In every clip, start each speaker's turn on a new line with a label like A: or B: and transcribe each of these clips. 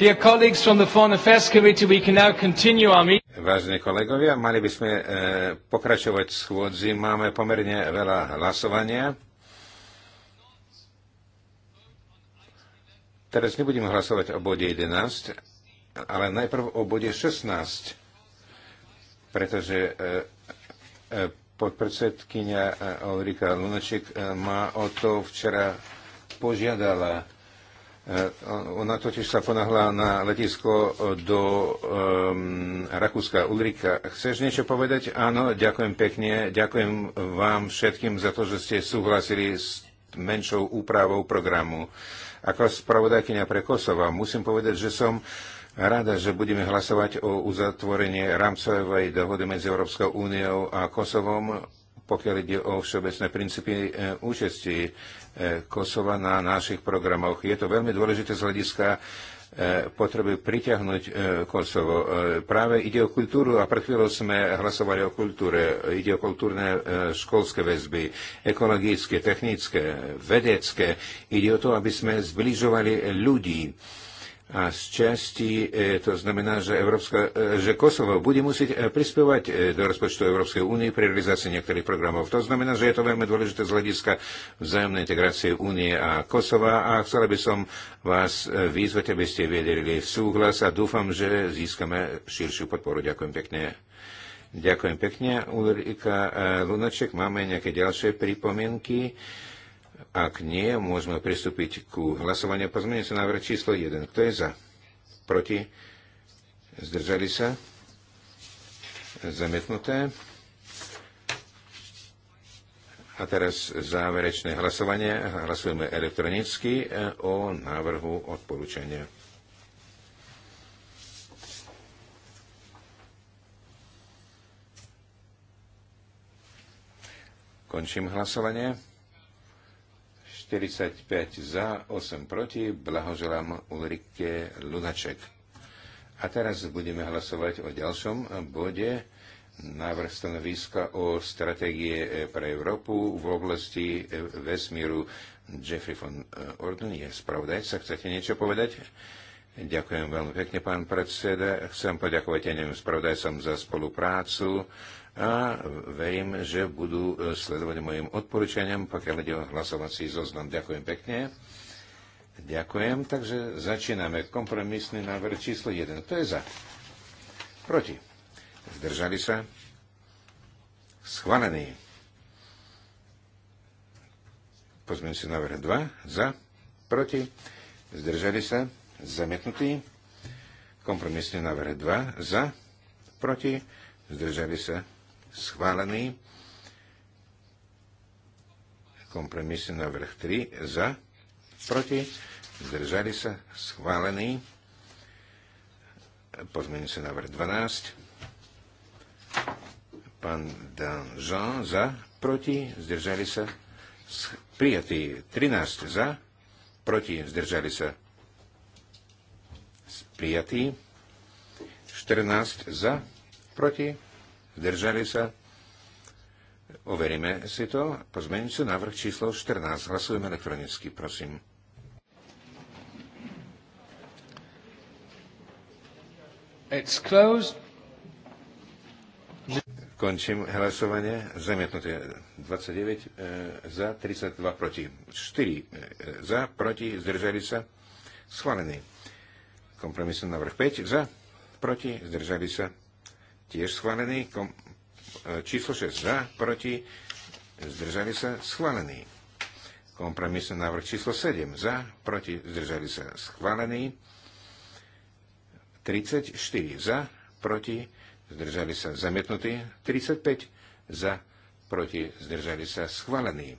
A: Dear colleagues from the Foreign Affairs Committee, we can now continue our meeting. Vážení kolegovia, mali by sme e, pokračovať v schôdzi. Máme pomerne veľa hlasovania. Teraz nebudeme hlasovať o bode 11, ale najprv o bode 16, pretože e, e, podpredsedkynia Ulrika Lunaček má o to včera požiadala Eh, ona totiž sa ponáhla na letisko do um, Rakúska. Ulrika, chceš niečo povedať? Áno, ďakujem pekne. Ďakujem vám všetkým za to, že ste súhlasili s menšou úpravou programu. Ako spravodajkynia pre Kosova musím povedať, že som rada, že budeme hlasovať o uzatvorení rámcovej dohody medzi Európskou úniou a Kosovom pokiaľ ide o všeobecné princípy e, účasti e, Kosova na našich programoch. Je to veľmi dôležité z hľadiska e, potreby priťahnuť Kosovo. Práve ide o kultúru a pred chvíľou sme hlasovali o kultúre. Ide o kultúrne školské väzby, ekologické, technické, vedecké. Ide o to, aby sme zbližovali ľudí a z časti e, to znamená, že, Európska, e, že Kosovo bude musieť e, prispievať do rozpočtu Európskej únie pri realizácii niektorých programov. To znamená, že je to veľmi dôležité z hľadiska vzájomnej integrácie únie a Kosova a chcela by som vás vyzvať, aby ste vedeli súhlas a dúfam, že získame širšiu podporu. Ďakujem pekne. Ďakujem pekne, Ulrika Lunaček. Máme nejaké ďalšie pripomienky? Ak nie, môžeme pristúpiť ku hlasovaniu. Pozmením sa návrh číslo 1. Kto je za? Proti? Zdržali sa? Zamietnuté. A teraz záverečné hlasovanie. Hlasujeme elektronicky e, o návrhu odporúčania. Končím hlasovanie. 45 za, 8 proti. Blahoželám Ulrike Lunaček. A teraz budeme hlasovať o ďalšom bode. Návrh stanoviska o stratégie pre Európu v oblasti vesmíru Jeffrey von eh, Orden je spravodajca. Chcete niečo povedať? Ďakujem veľmi pekne, pán predseda. Chcem poďakovať aj neviem spravodajcom za spoluprácu a verím, že budú e, sledovať mojim odporúčaniam, pokiaľ ide o hlasovací zoznam. Ďakujem pekne. Ďakujem, takže začíname. Kompromisný návrh číslo 1. Kto je za? Proti. Zdržali sa? Schválený. Pozmeň si návrh 2. Za? Proti. Zdržali sa? Zamietnutý. Kompromisný návrh 2. Za? Proti. Zdržali sa? schválený. Kompromisný návrh 3 za, proti, zdržali sa, schválený. Pozmeňujúci návrh 12. Pán Jean za, proti, zdržali sa, prijatý 13 za, proti, zdržali sa, prijatý 14 za, proti, Zdržali sa? Overíme si to. Pozmeňujúci návrh číslo 14. Hlasujeme elektronicky, prosím. It's closed. Končím hlasovanie. Zamietnuté 29 e, za, 32 proti. 4 e, za, proti, zdržali sa. Schválený. Kompromisný návrh 5 za, proti, zdržali sa tiež schválený. Kom, e, číslo 6 za, proti, zdržali sa, schválený. Kompromisný návrh číslo 7 za, proti, zdržali sa, schválený. 34 za, proti, zdržali sa, zamietnutý. 35 za, proti, zdržali sa, schválený.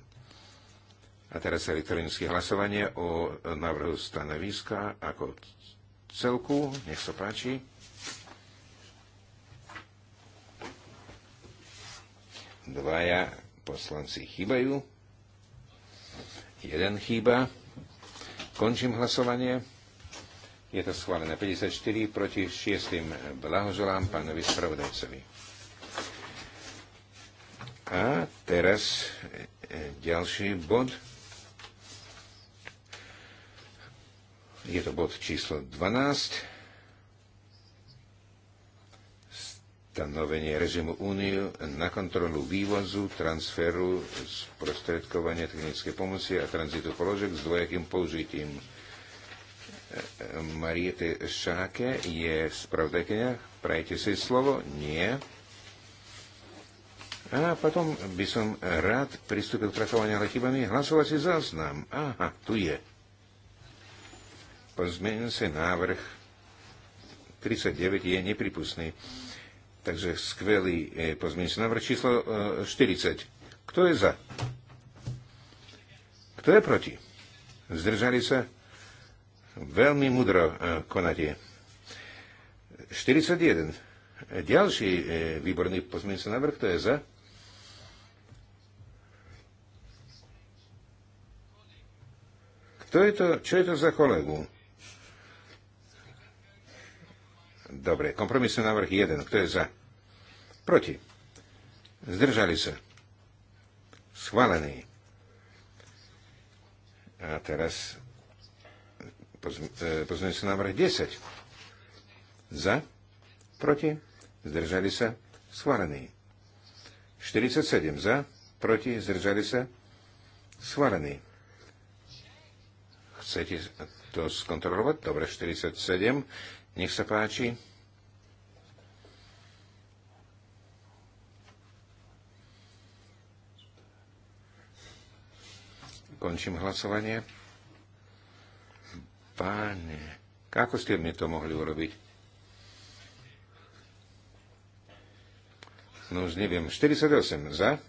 A: A teraz elektronické hlasovanie o návrhu stanoviska ako celku. Nech sa páči. Dvaja poslanci chýbajú. Jeden chýba. Končím hlasovanie. Je to schválené 54 proti 6. Blahoželám pánovi spravodajcovi. A teraz e, ďalší bod. Je to bod číslo 12. stanovenie režimu úniu na kontrolu vývozu, transferu, sprostredkovania technické pomoci a tranzitu položek s dvojakým použitím. Mariete Šáke je spravodajkenia. Prajte si slovo? Nie. A potom by som rád pristúpil k trachovaniu ale chybami. Hlasovať hlasovací záznam. Aha, tu je. Pozmeňujem sa návrh 39 je nepripustný. Takže skvelý e, pozmeňujúci návrh číslo 40. E, kto je za? Kto je proti? Zdržali sa? Veľmi mudro e, konate. 41. Ďalší výborný pozmeňujúci návrh. Kto je za? Kto je to? Čo je to za kolegu? Dobre, kompromisný návrh 1. Kto je za? Proti. Zdržali sa. Schválený. A teraz e, pozmeňujem sa návrh 10. Za. Proti. Zdržali sa. Schválený. 47 za. Proti. Zdržali sa. Schválený. Chcete to skontrolovať? Dobre, 47. Nech sa páči. Končím hlasovanie. Páne, ako ste mi to mohli urobiť? No už neviem. 48 za,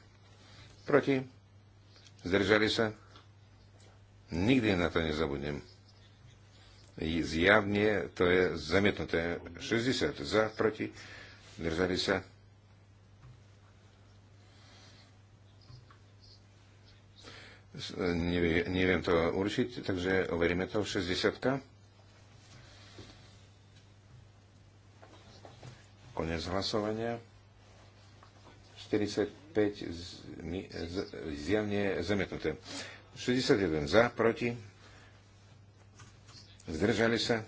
A: proti, zdržali sa. Nikdy na to nezabudnem. Zjavne to je zamietnuté. 60 za, proti, zdržali sa E, nevie, neviem to určiť, takže overíme to. 60. Konec hlasovania. 45 zjavne zemetnuté. 61 za, proti. Zdržali sa.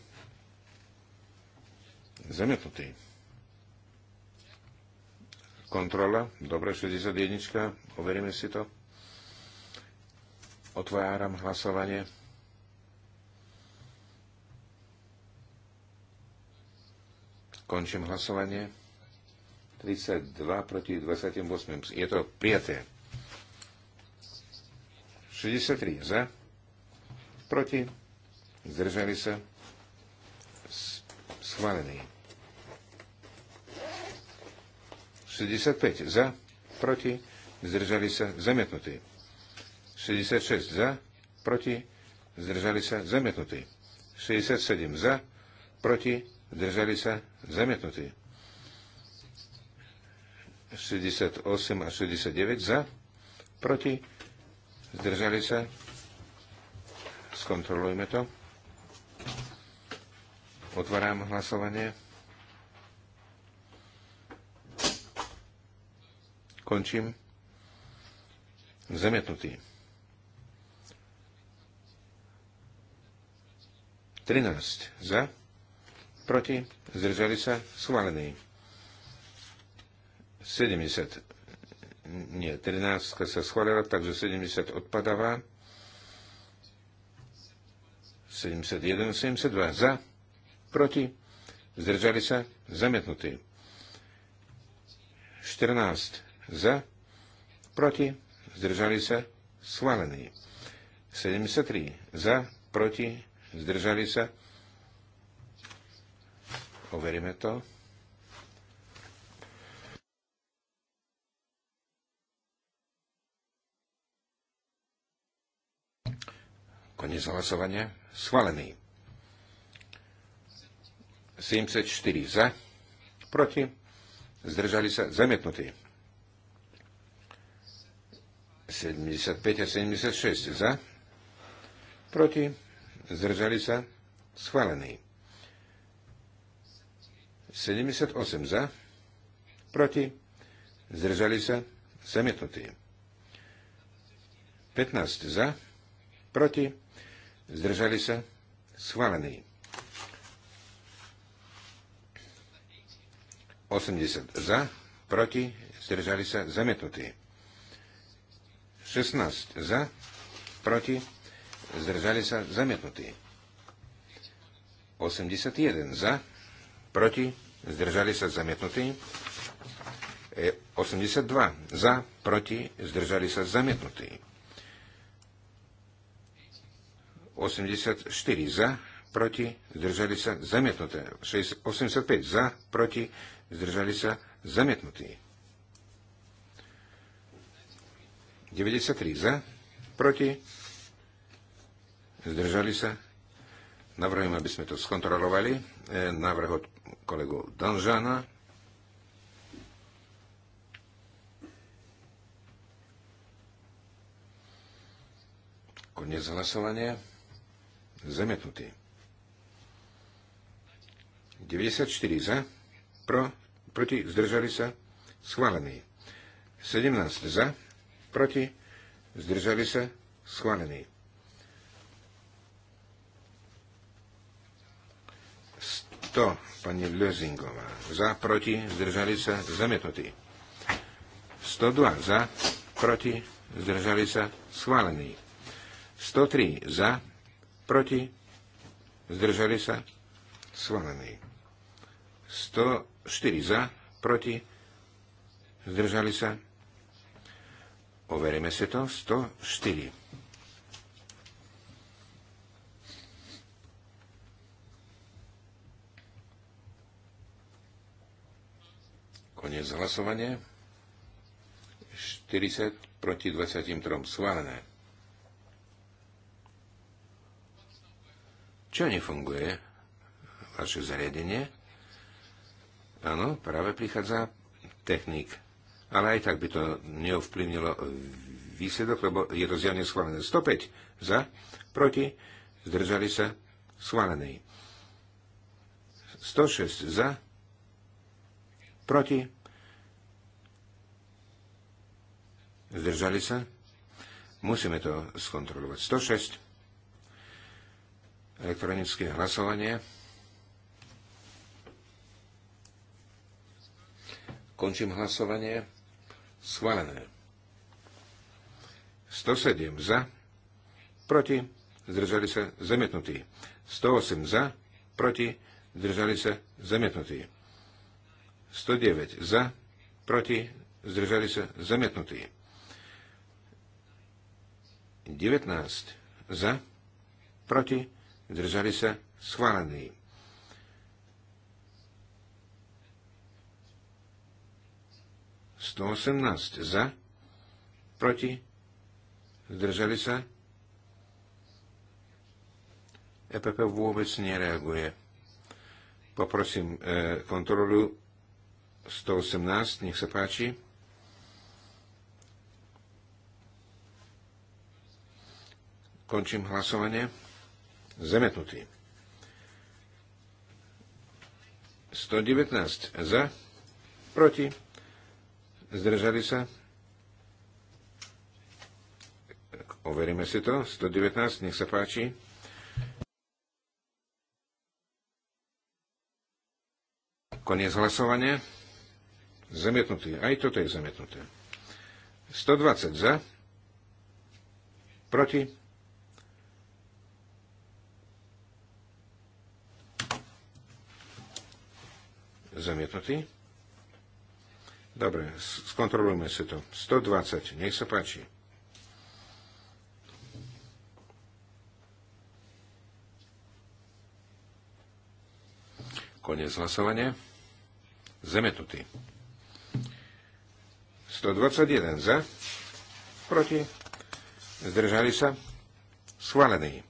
A: Zemetnutý. Kontrola. Dobre, 61. Overíme si to. Otváram hlasovanie. Končím hlasovanie. 32 proti 28. Je to prijaté. 63 za. Proti. Zdržali sa. Schválený. 65 za. Proti. Zdržali sa. Zamietnutý. 66 za, proti, zdržali sa zamietnutí. 67 za, proti, zdržali sa zamietnutí. 68 a 69 za, proti, zdržali sa. Skontrolujme to. Otváram hlasovanie. Končím. Zamietnutý. 13 za, proti, zdržali sa, schválený. 70, nie, 13 sa schválila, takže 70 odpadáva. 71, 72 za, proti, zdržali sa, zamietnutí. 14 za, proti, zdržali sa, schválený. 73 za, proti, Zdržali sa? Overíme to. Konec hlasovania. Schválený. 74 za. Proti. Zdržali sa. Zamietnutí. 75 a 76 za. Proti zdržali sa, schválený. 78 za, proti, zdržali sa, zamietnutý. 15 za, proti, zdržali sa, schválený. 80 za, proti, zdržali sa, zamietnutý. 16 za, proti, zdržali sa, zamietnutí. 81 za, proti, zdržali sa, zamietnutí. 82 e, za, proti, zdržali sa, zamietnutí. 84 za, proti, zdržali sa, zamietnuté. 85 za, proti, zdržali sa, zamietnutí. 93 za, proti, Zdržali sa? Navrhujem, aby sme to skontrolovali. E, návrh od kolegu Danžana. Konec hlasovania. Zemetnutý. 94 za, pro, proti, zdržali sa, schválený. 17 za, proti, zdržali sa, schválený. 100, pani Lezingová. Za, proti, zdržali sa, zamietnutí. 102 za, proti, zdržali sa, schválení. 103 za, proti, zdržali sa, schválení. 104 za, proti, zdržali sa. Overíme si to. 104. Konec hlasovanie. 40 proti 23. Schválené. Čo nefunguje? Vaše zariadenie? Áno, práve prichádza technik. Ale aj tak by to neovplyvnilo výsledok, lebo je to zjavne schválené. 105 za, proti, zdržali sa, schválený. 106 za, proti, Zdržali sa? Musíme to skontrolovať. 106. Elektronické hlasovanie. Končím hlasovanie. Schválené. 107 za, proti, zdržali sa zamietnutí. 108 za, proti, zdržali sa zamietnutí. 109 za, proti, zdržali sa zamietnutí. 19 za, proti, zdržali sa, schválený. Sto osemnáct za, proti, zdržali sa. EPP vôbec nereaguje. Poprosím e, kontrolu 118, nech sa páči. Končím hlasovanie. Zemetnutý. 119 za, proti, zdržali sa. Overíme si to. 119, nech sa páči. Koniec hlasovania. Zamietnutý. Aj toto je zamietnuté. 120 za. Proti. zamietnutý. Dobre, skontrolujme si to. 120, nech sa páči. Konec hlasovania. Zemetnutý. 121 za, proti, zdržali sa, schválený.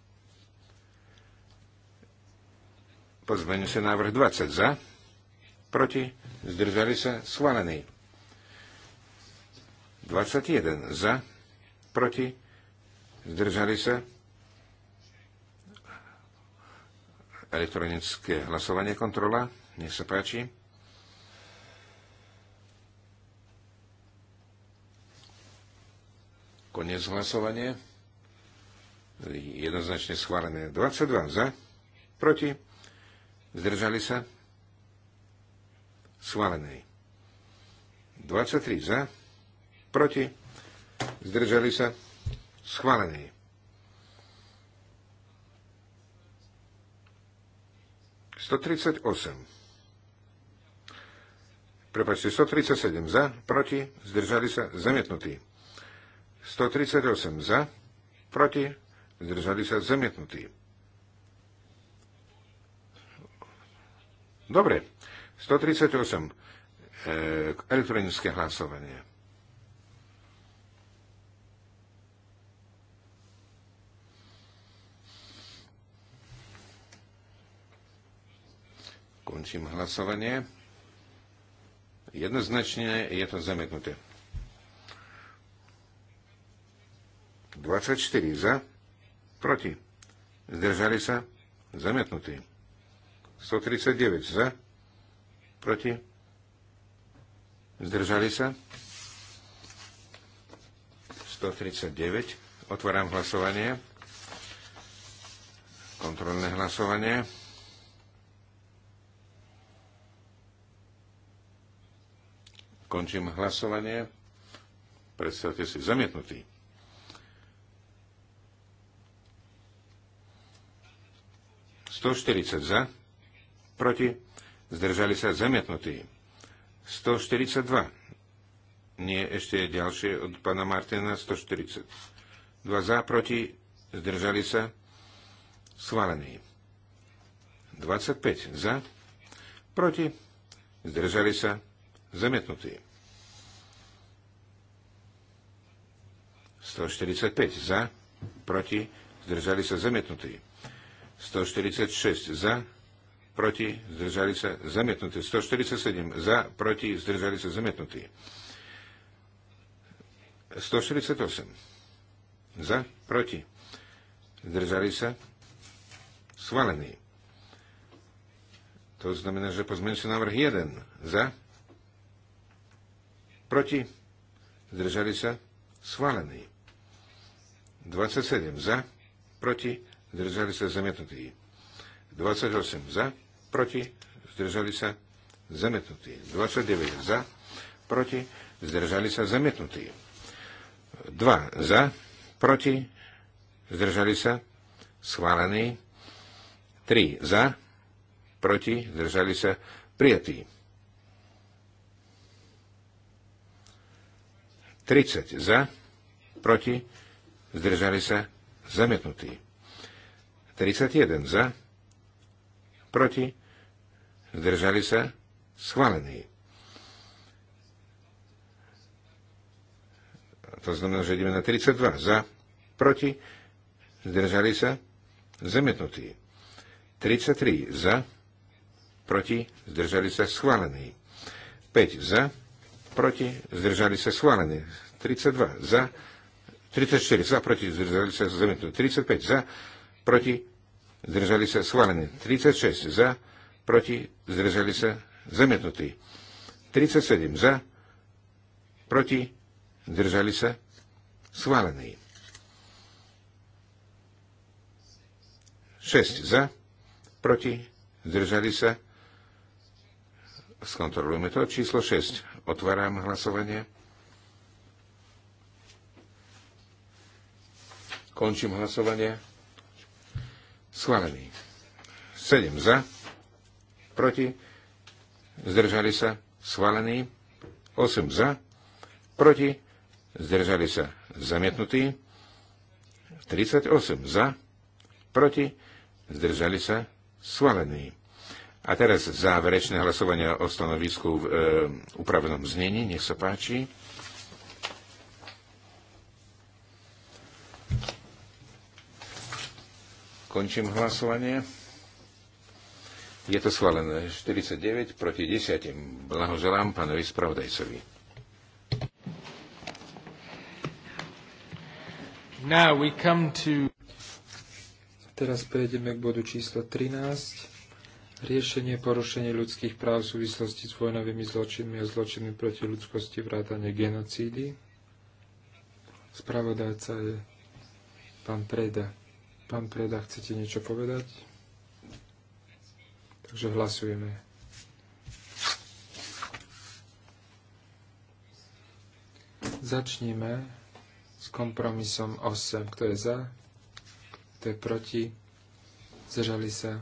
A: Pozmeňu sa návrh 20 za, proti, zdržali sa, schválený. 21 za, proti, zdržali sa, elektronické hlasovanie kontrola, nech sa páči. Konec hlasovanie. Jednoznačne schválené. 22 za, proti, zdržali sa, schválenej. 23 za, proti, zdržali sa, schválenej. Sto tridsať Prepačte, 137 za, proti, zdržali sa, zamietnutí. 138 za, proti, zdržali sa, zamietnutí. Dobre. 138. E, elektronické hlasovanie. Končím hlasovanie. Jednoznačne je to zamietnuté. 24 za, proti. Zdržali sa? Zamietnutí. 139 za, Proti? Zdržali sa? 139. Otváram hlasovanie. Kontrolné hlasovanie. Končím hlasovanie. Predstavte si, zamietnutý. Sto štyridsať za, proti zdržali sa zamietnutí. 142. Nie ešte ďalšie od pána Martina 140. Dva za, proti, zdržali sa, schválení. 25 za, proti, zdržali sa, zamietnutí. 145 za, proti, zdržali sa, zamietnutí. 146 za, proti, zdržali sa zamietnutí. 147 za, proti, zdržali sa zamietnutí. 148 za, proti, zdržali sa schválení. To znamená, že pozmeňujúci návrh 1 za, proti, zdržali sa schválení. 27 za, proti, zdržali sa zamietnutí. 28 za, proti, zdržali sa, zamietnutí. 29 za, proti, zdržali sa, zamietnutí. 2 za, proti, zdržali sa, schválení. 3 za, proti, zdržali sa, prijatí. 30 za, proti, zdržali sa, zamietnutí. 31 za, proti, Zdržali sa? Schválený. To znamená, že ideme na 32. Za, proti, zdržali sa, zamietnutí. 33. Za, proti, zdržali sa, schválený. 5. Za, proti, zdržali sa, schválený. 32. Za, 34. Za, proti, zdržali sa, zamietnutí. 35. Za, proti, zdržali sa, schválený. 36. Za, proti, zdržali sa, zamietnutí. 37 za, proti, zdržali sa, schválení. 6 za, proti, zdržali sa, skontrolujeme to, číslo 6, otváram hlasovanie. Končím hlasovanie. Schválený. 7 za, proti, zdržali sa, schválený, 8 za, proti, zdržali sa, zamietnutý, 38 za, proti, zdržali sa, schválený. A teraz záverečné hlasovanie o stanovisku v e, upravenom znení. Nech sa páči. Končím hlasovanie. Je to schválené 49 proti 10. Blahoželám pánovi spravodajcovi.
B: Now we come to... Teraz prejdeme k bodu číslo 13. Riešenie porušenia ľudských práv v súvislosti s vojnovými zločinmi a zločinmi proti ľudskosti vrátane genocídy. Spravodajca je pán Preda. Pán Preda, chcete niečo povedať? Takže hlasujeme. Začníme s kompromisom 8. Kto je za? Kto je proti? Zdržali sa?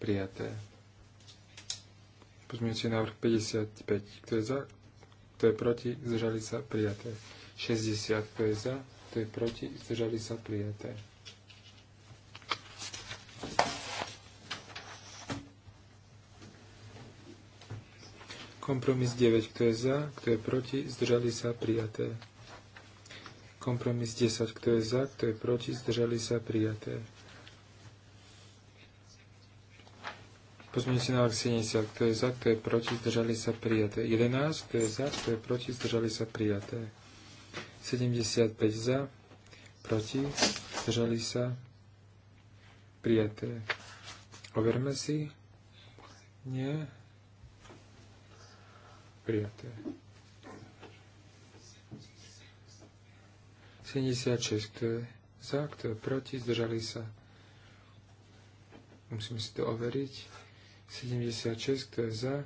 B: Prijaté. Pozmiňujúci návrh 55. Kto je za? Kto je proti? Zdržali sa? Prijaté. 60. Kto je za? Kto je proti? Zdržali sa? Prijaté. Kompromis 9, kto je za, kto je proti, zdržali sa prijaté. Kompromis 10, kto je za, kto je proti, zdržali sa prijaté. Pozmeňujúci návrh 70, kto je za, kto je proti, zdržali sa prijaté. 11, kto je za, kto je proti, zdržali sa prijaté. 75 za, proti, zdržali sa prijaté. Overme si. Nie prijaté. 76, kto je za, kto je proti, zdržali sa. Musíme si to overiť. 76, kto je za.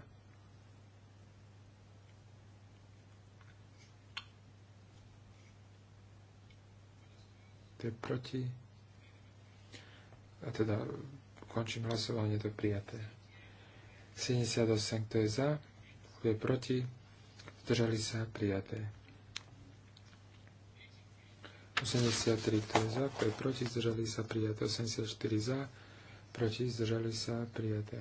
B: Kto je proti. A teda končím hlasovanie, to je prijaté. 78, kto je za. Kto je proti? Zdržali sa prijaté. 83, kto je za, kto je proti, zdržali sa prijaté. 84 za, proti, zdržali sa prijaté.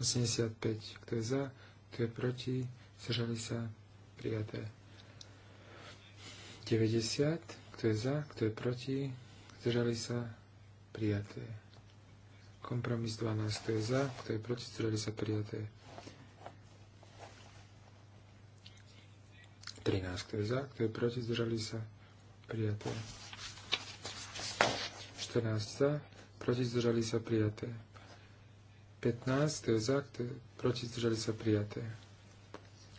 B: 85, kto je za, kto je proti, zdržali sa prijaté. 90, kto je za, kto je proti, zdržali sa prijaté. Kompromis 12, to je za, kto je proti, zdržali sa prijaté. 13, kto je za, kto je proti, zdržali sa prijaté. 14 za, proti, zdržali sa prijaté. 15, kto je za, kto je proti, zdržali sa prijaté.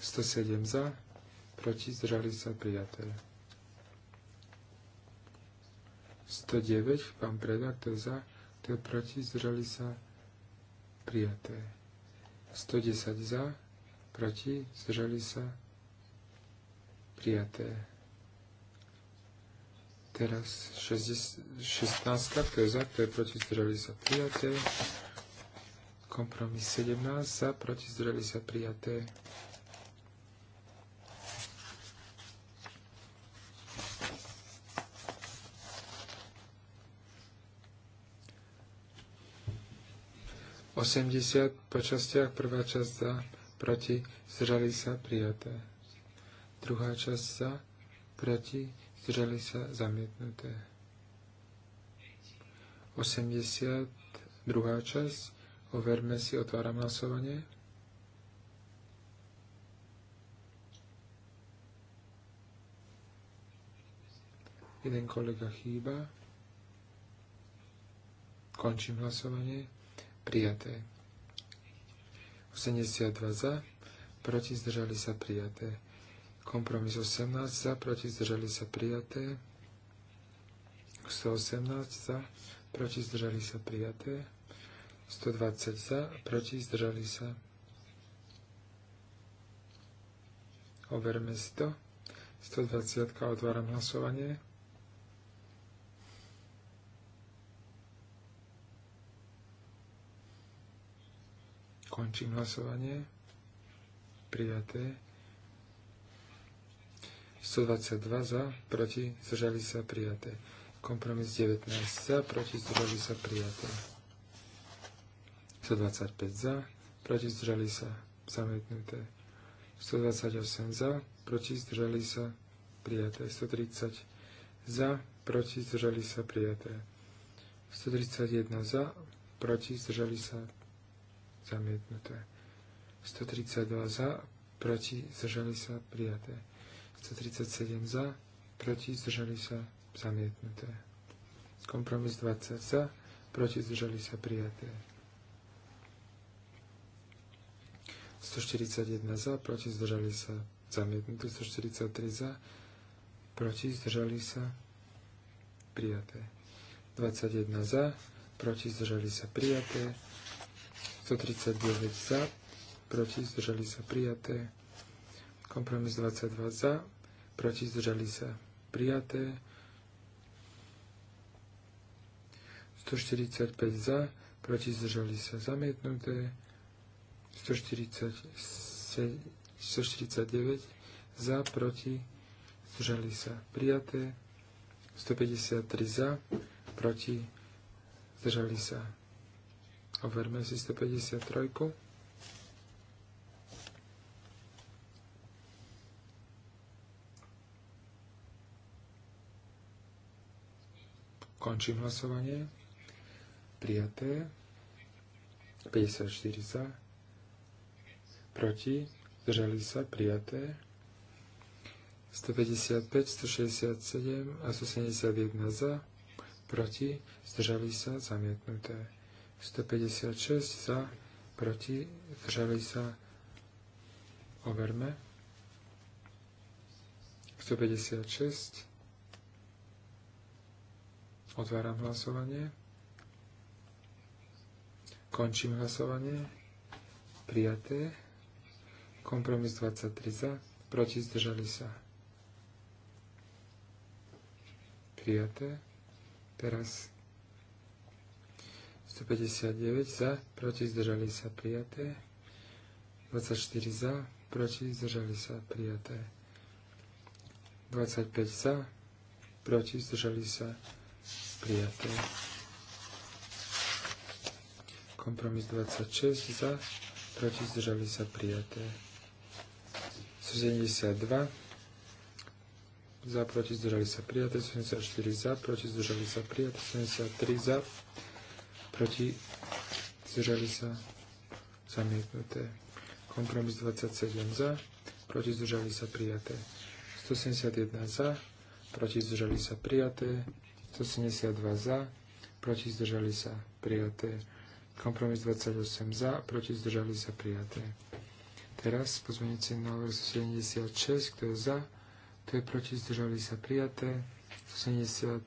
B: 107 za, proti, zdržali sa prijaté. 109, pán Preda, kto je za, prijaté, proti, zdržali sa prijaté. 110 za, proti, zdržali sa prijaté. Teraz 16, kto je za, kto je proti, zdržali sa prijaté. Kompromis 17 za, proti, zdržali sa prijaté. 80 po častiach, prvá časť za, proti, zdržali sa, prijaté. Druhá časť za, proti, zdržali sa, zamietnuté. 80, druhá časť, overme si, otváram hlasovanie. Jeden kolega chýba. Končím hlasovanie prijaté. 82 za, proti zdržali sa prijaté. Kompromis 18 za, proti zdržali sa prijaté. 118 za, proti zdržali sa prijaté. 120 za, proti zdržali sa. Overme si to. 120 otváram hlasovanie. Končím hlasovanie. Prijaté. 122 za, proti, zdržali sa prijaté. Kompromis 19 za, proti, zdržali sa prijaté. 125 za, proti, zdržali sa zamietnuté. 128 za, proti, zdržali sa prijaté. 130 za, proti, zdržali sa prijaté. 131 za, proti, zdržali sa zamietnuté. 132 za, proti, zdržali sa, prijaté. 137 za, proti, zdržali sa, zamietnuté. Kompromis 20 za, proti, zdržali sa, prijaté. 141 za, proti, zdržali sa, zamietnuté. 143 za, proti, zdržali sa, prijaté. 21 za, proti, zdržali sa, prijaté. 139 za, proti zdržali sa prijaté. Kompromis 22 za, proti zdržali sa prijaté. 145 za, proti zdržali sa zamietnuté. 149 za, proti zdržali sa prijaté. 153 za, proti zdržali sa Overme si 153. Končím hlasovanie. Prijaté. 54 za. Proti. Zdržali sa. Prijaté. 155, 167 a 171 za. Proti. Zdržali sa. Zamietnuté. 156 za, proti, zdržali sa, overme. 156. Otváram hlasovanie. Končím hlasovanie. Prijaté. Kompromis 23 za, proti, zdržali sa. Prijaté. Teraz 159 za, proti zdržali sa prijaté. 24 za, proti zdržali sa prijaté. 25 za, proti zdržali sa prijaté. Kompromis 26 za, proti zdržali sa prijaté. 72 za, proti zdržali sa prijaté, 74 za, proti zdržali sa prijaté, 73 za, proti, zdržali sa, zamietnuté. Kompromis 27 za, proti, zdržali sa, prijaté. 171 za, proti, zdržali sa, prijaté. 172 za, proti, zdržali sa, prijaté. Kompromis 28 za, proti, zdržali sa, prijaté. Teraz na návrh 76, kto je za, kto je proti, zdržali sa, prijaté. 170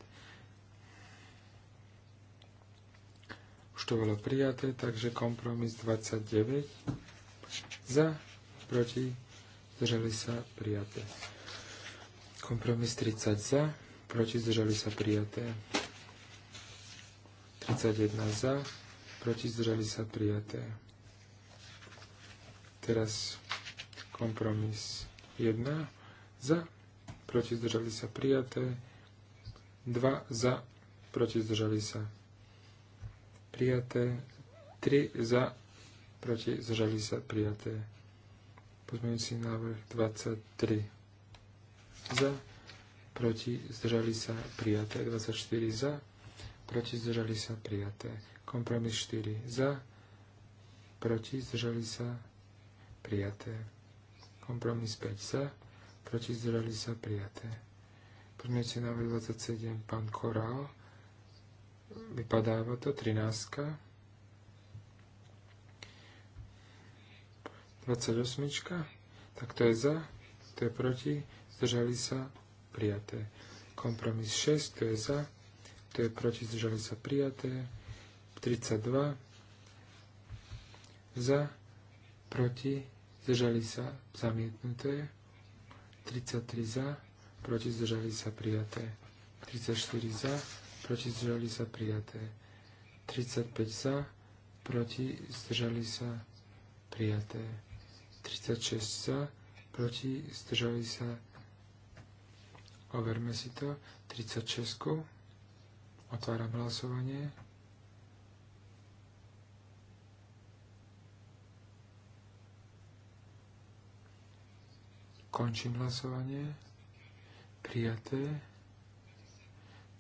B: Už to bolo prijaté, takže kompromis 29 za, proti, zdržali sa prijaté. Kompromis 30 za, proti, zdržali sa prijaté. 31 za, proti, zdržali sa prijaté. Teraz kompromis 1 za, proti, zdržali sa prijaté. 2 za, proti, zdržali sa prijaté prijaté. 3 za, proti, zdržali sa prijaté. Pozmeňujúci návrh 23 za, proti, zdržali sa prijaté. 24 za, proti, zdržali sa prijaté. Kompromis 4 za, proti, zdržali sa prijaté. Kompromis 5 za, proti, zdržali sa prijaté. Pozmeňujúci návrh 27, pán Korál vypadáva to, 13. 28. Tak to je za, to je proti, zdržali sa, prijaté. Kompromis 6, to je za, to je proti, zdržali sa, prijaté. 32. Za, proti, zdržali sa, zamietnuté. 33 za, proti, zdržali sa, prijaté. 34 za, proti zdržali sa prijaté. 35 za, proti zdržali sa prijaté. 36 za, proti zdržali sa Overme si to. 36. -ku. Otváram hlasovanie. Končím hlasovanie. Prijaté.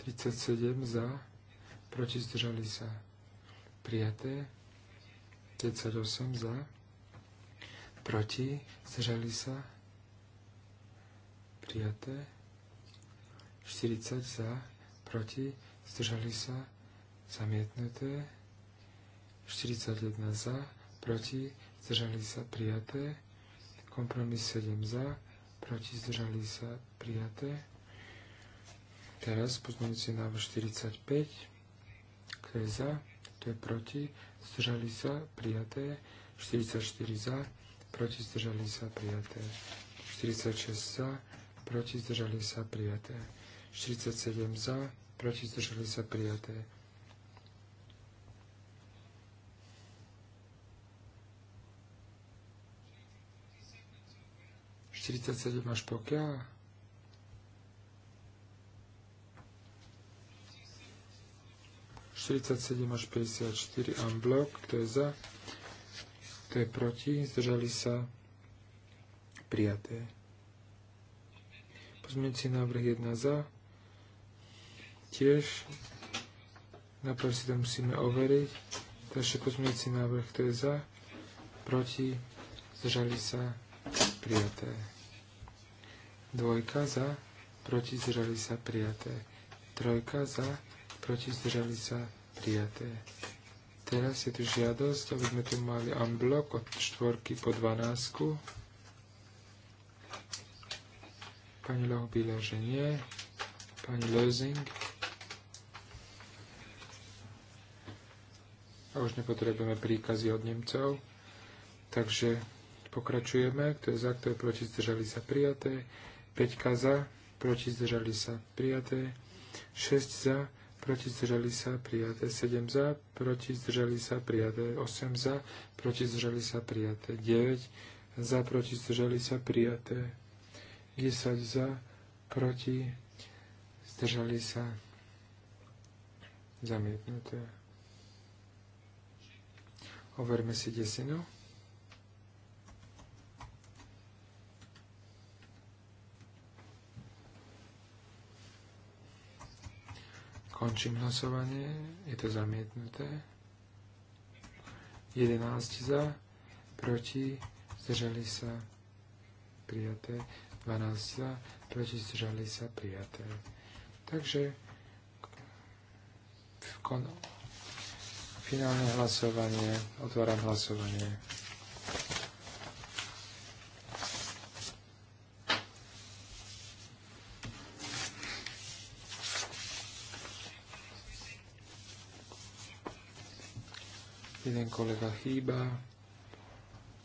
B: 37 za, proti zdržali sa prijaté, 38 za, proti zdržali sa prijaté, 40 za, proti zdržali sa zamietnuté, 41 za, proti zdržali sa prijaté, kompromis 7 za, proti zdržali sa prijaté, Teraz pozmeňujúci návrh 45. Kto je za? Kto je proti? Zdržali sa? Prijaté. 44 za. Proti zdržali sa? Prijaté. 46 za. Proti zdržali sa? Prijaté. 47 za. Proti zdržali sa? Prijaté. sedm až pokiaľ? 47 až 54 unblock, kto je za, kto je proti, zdržali sa prijaté. Pozmeňujúci návrh 1 za, tiež, najprv si to musíme overiť, takže pozmeňujúci návrh, kto je za, proti, zdržali sa prijaté. Dvojka za, proti, zdržali sa prijaté. Trojka za, proti zdržali sa prijaté. Teraz je tu žiadosť, aby sme tu mali amblok od štvorky po 12 Pani Lohbila, že nie. Pani Lozing. A už nepotrebujeme príkazy od Nemcov. Takže pokračujeme. Kto je za, kto je proti, zdržali sa prijaté. 5 za, proti, zdržali sa prijaté. 6 za, proti zdržali sa prijaté 7 za, proti zdržali sa prijaté 8 za, proti zdržali sa prijaté 9 za, proti zdržali sa prijaté 10 za, proti zdržali sa zamietnuté. Overme si desinu. Končím hlasovanie. Je to zamietnuté. 11 za, proti, zdržali sa, prijaté. 12 za, proti, zdržali sa, prijaté. Takže kon... finálne hlasovanie, otváram hlasovanie. jeden kolega chýba.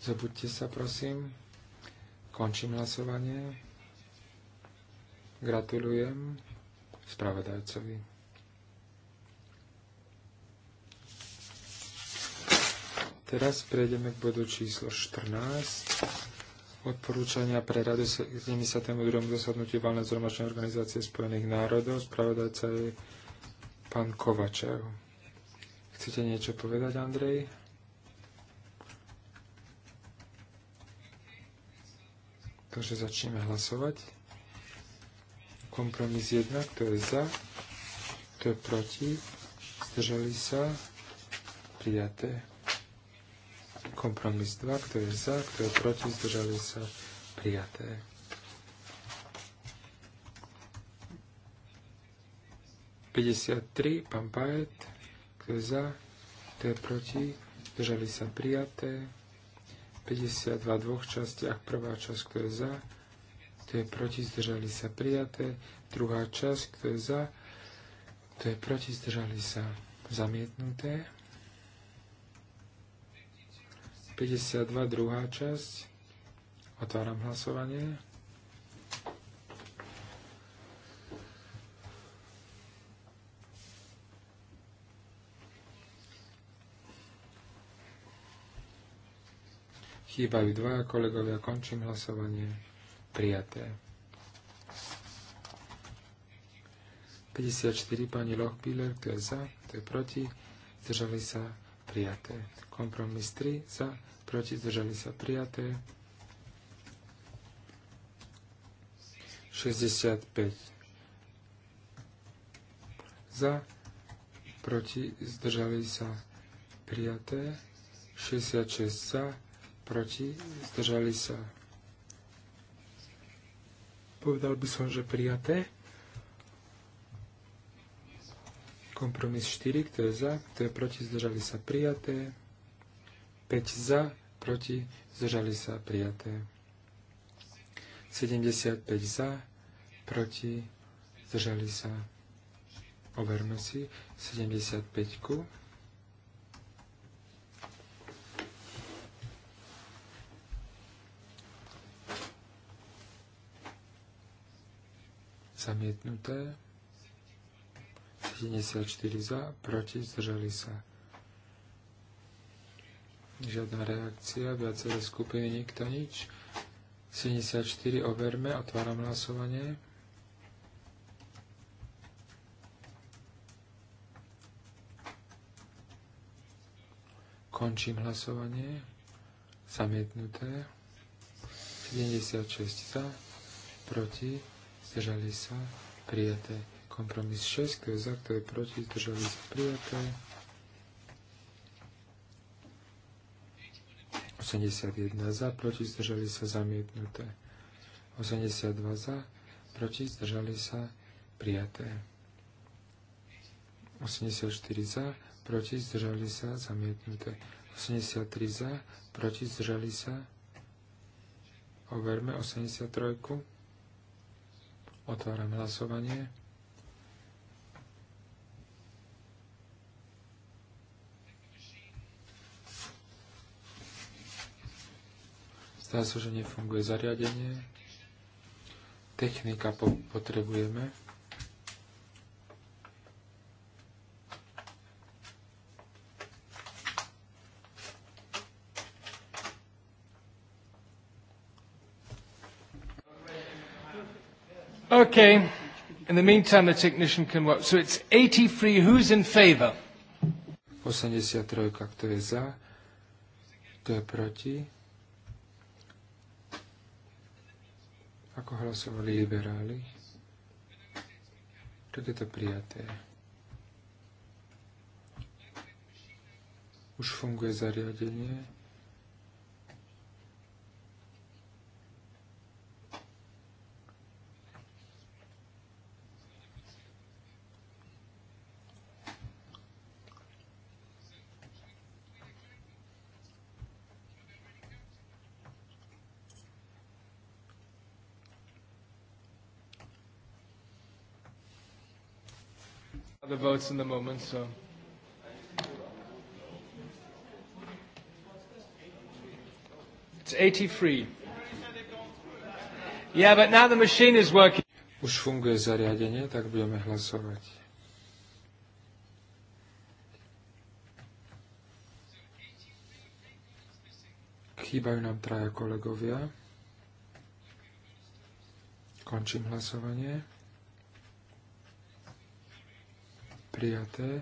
B: Zobuďte sa, prosím. Končím hlasovanie. Gratulujem spravodajcovi. Teraz prejdeme k bodu číslo 14. Odporúčania pre radu 72. zasadnutiu Valnej zhromažnej organizácie Spojených národov. Spravodajca je pán Kovačev. Chcete niečo povedať, Andrej? Takže začneme hlasovať. Kompromis 1, kto je za, kto je proti, zdržali sa, prijaté. Kompromis 2, kto je za, kto je proti, zdržali sa, prijaté. 53, tri, pán Pajet. Kto je za? Kto je proti? Zdržali sa prijaté. 52 dvoch časti, častiach. Prvá časť, kto je za? Kto je proti? Zdržali sa prijaté. Druhá časť, kto je za? to je proti? Zdržali sa zamietnuté. 52 druhá časť. Otváram hlasovanie. Chýbajú dvaja kolegovia. Končím hlasovanie. Prijaté. 54 pani Lochbiller, kto je za, kto je proti, zdržali sa prijaté. Kompromis 3 za, proti, zdržali sa prijaté. 65 za, proti, zdržali sa prijaté. 66 za, proti, zdržali sa. Povedal by som, že prijaté. Kompromis 4, kto je za, kto je proti, zdržali sa prijaté. 5 za, proti, zdržali sa prijaté. 75 za, proti, zdržali sa. Overme si 75 ku. zamietnuté. 74 za, proti, zdržali sa. Žiadna reakcia, viaceré skupiny, nikto nič. 74 overme, otváram hlasovanie. Končím hlasovanie. Zamietnuté. 76 za, proti, zdržali sa, prijaté. Kompromis 6, kto je za, kto je proti, zdržali sa, prijaté. 81 za, proti, zdržali sa, zamietnuté. 82 za, proti, zdržali sa, prijaté. 84 za, proti, zdržali sa, zamietnuté. 83 za, proti, zdržali sa. Overme 83. Otváram hlasovanie. Zdá sa, že nefunguje zariadenie. Technika po- potrebujeme. Okay. In the meantime, the technician can work. So it's 83. Who's in favor? 83. Kto je za? Kto je proti? Ako hlasovali liberáli? Toto je to prijaté. Už funguje zariadenie. The votes in the moment, so. It's 83. Yeah, but now the machine is working. Už funguje zariadenie, tak budeme hlasovať. Chýbajú nám traja kolegovia. Končím hlasovanie. prijaté.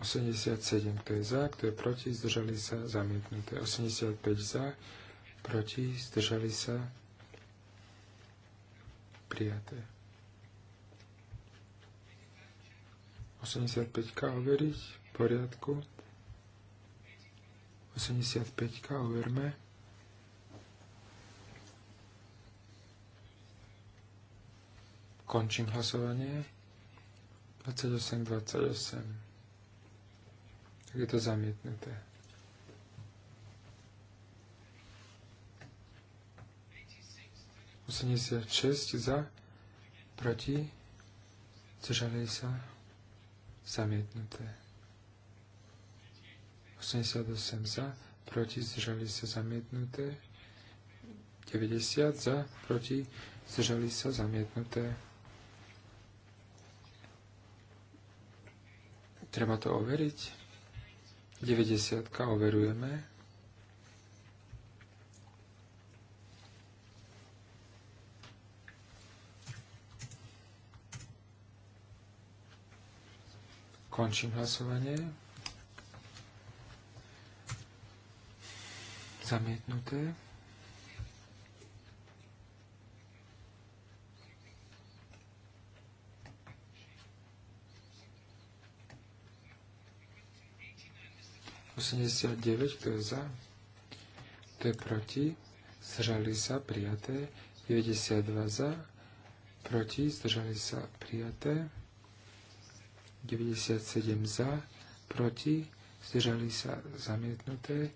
B: Osemdesiat kto je za, kto je proti, zdržali sa, zamietnuté. 85 za, proti, zdržali sa, prijaté. 85K overiť, v poriadku. 85K overme. Končím hlasovanie. 28, 28. Tak je to zamietnuté. Osemdesiat šesť za, proti, zdržali sa, zamietnuté. 88 za, proti, zdržali sa, zamietnuté. 90 za, proti, zdržali sa, zamietnuté. Treba to overiť. 90 overujeme. Končím hlasovanie. Zamietnuté. 89, kto je za, kto je proti, zdržali sa, prijaté. 92 za, proti, zdržali sa, prijaté. 97 za, proti, zdržali sa, zamietnuté.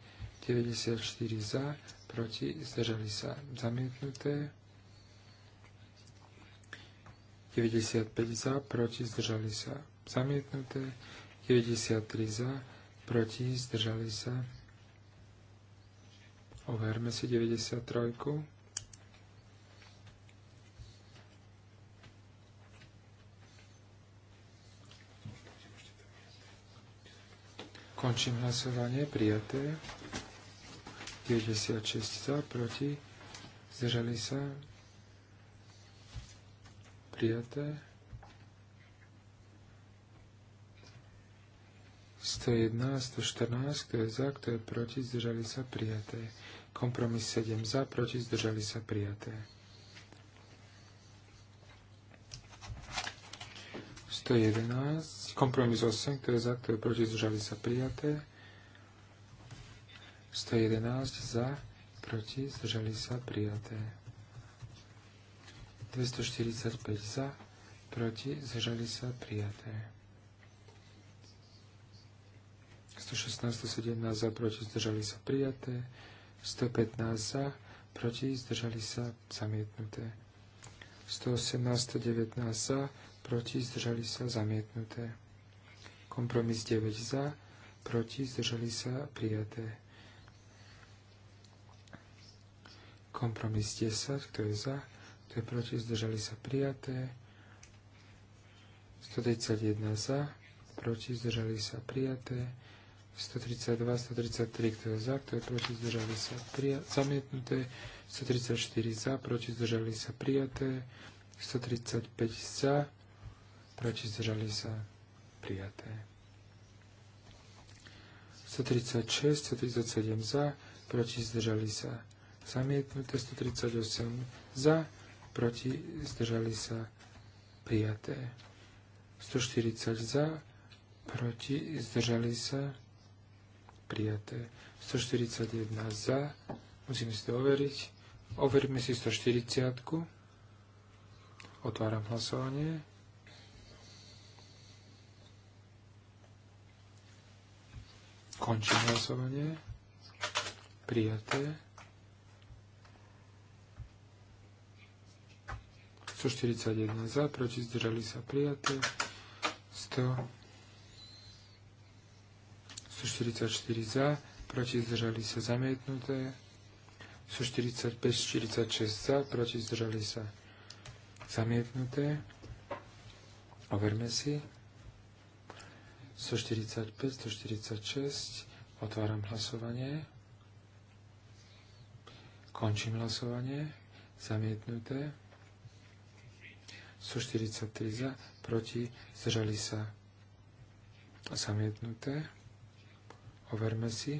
B: 94 za, proti, zdržali sa, zamietnuté. 95 za, proti, zdržali sa, zamietnuté. 93 za, proti, zdržali sa. Overme si 93. Končím hlasovanie, prijaté. 96 za, proti, zdržali sa. Prijaté. 101, 114, kto je za, kto je proti, zdržali sa prijaté. Kompromis 7 za, proti, zdržali sa prijaté. 111, kompromis 8, kto je za, kto je proti, zdržali sa prijaté. 111 za, proti, zdržali sa prijaté. 245 za, proti, zdržali sa prijaté. 116, 117 za, proti, zdržali sa prijaté. 115 za, proti, zdržali sa zamietnuté. 118, 119 za, proti, zdržali sa zamietnuté. Kompromis 9 za, proti, zdržali sa prijaté. Kompromis 10, kto je za, kto je proti, zdržali sa prijaté. 131 za, proti, zdržali sa prijaté. 132, 133, kto je za, kto je proti, zdržali sa prija- zamietnuté, 134 za, proti zdržali sa prijaté, 135 za, proti zdržali sa prijaté. 136, 137 za, proti zdržali sa zamietnuté, 138 za, proti zdržali sa prijaté. 140 za, proti zdržali sa prijaté prijaté. 141 za, musíme si to overiť. Overíme si 140. -ku. Otváram hlasovanie. Končím hlasovanie. Prijaté. 141 za, proti zdržali sa prijaté. 100 144 za, proti zdržali sa zamietnuté, 145, 46 za, proti zdržali sa zamietnuté. Overme si. 145, 146, otváram hlasovanie. Končím hlasovanie. Zamietnuté. 143 za, proti zdržali sa zamietnuté. Overme si.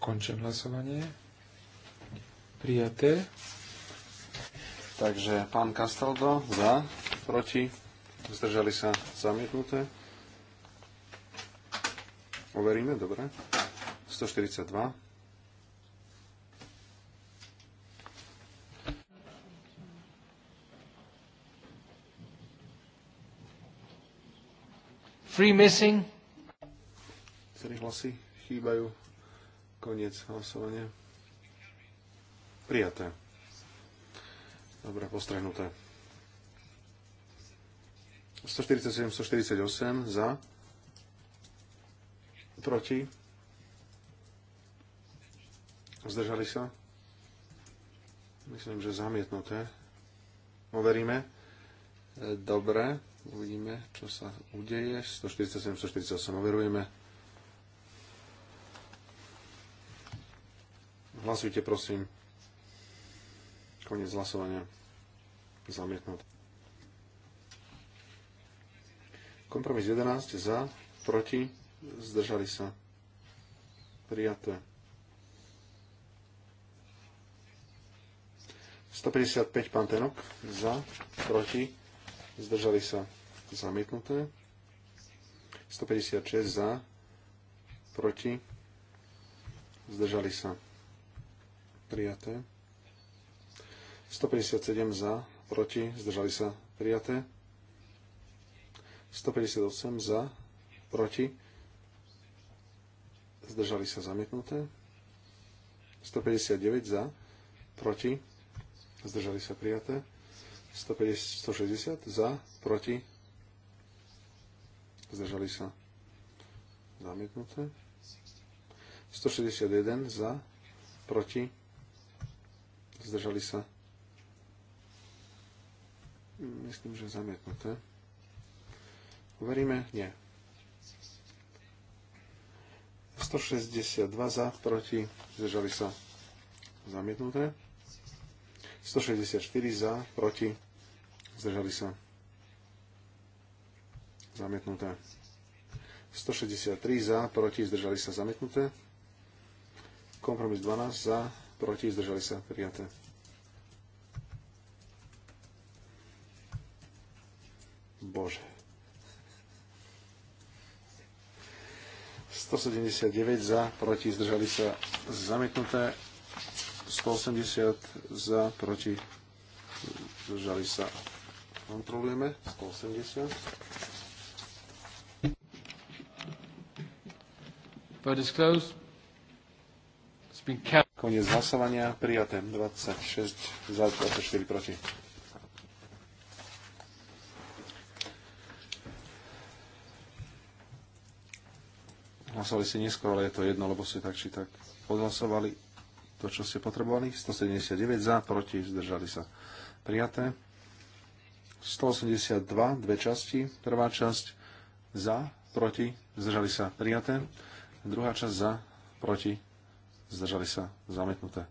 B: Končím hlasovanie. Prijaté.
C: Takže pán Castaldo za, proti, zdržali sa zamietnuté. Overíme, dobre. 142.
B: Three missing.
C: 3 hlasy chýbajú. Koniec hlasovania. Prijaté. Dobre, postrehnuté. 147, 148 za. Proti. Zdržali sa. Myslím, že zamietnuté. Overíme. E, dobre. Uvidíme, čo sa udeje. 147, 148 overujeme. Hlasujte, prosím. Koniec hlasovania. Zamietnúť. Kompromis 11 za, proti,
A: zdržali
C: sa. Prijaté. 155 pantenok za, proti, zdržali sa zamietnuté. 156 za, proti, zdržali sa prijaté. 157 za, proti, zdržali sa prijaté. 158 za, proti, zdržali sa zamietnuté. 159 za, proti, zdržali sa prijaté. 150, 160 za, proti, zdržali sa zamietnuté. 161 za, proti, zdržali sa myslím, že zamietnuté. Uveríme? Nie. 162 za, proti, zdržali sa zamietnuté. 164 za, proti, zdržali sa, zamietnuté. 163 za, proti, zdržali sa, zamietnuté. Kompromis 12 za, proti, zdržali sa, prijaté. Bože. 179 za, proti, zdržali sa, zamietnuté. 180 za, proti, zdržali sa, kontrolujeme, 180. Vote is closed. It's been kept. Koniec hlasovania. Prijaté 26 za 24 proti. Hlasovali ste neskoro, ale je to jedno, lebo ste tak či tak odhlasovali to, čo ste potrebovali. 179 za, proti, zdržali sa. Prijaté. 182, dve časti. Prvá časť za, proti, zdržali sa prijaté. Druhá časť za, proti, zdržali sa zamietnuté.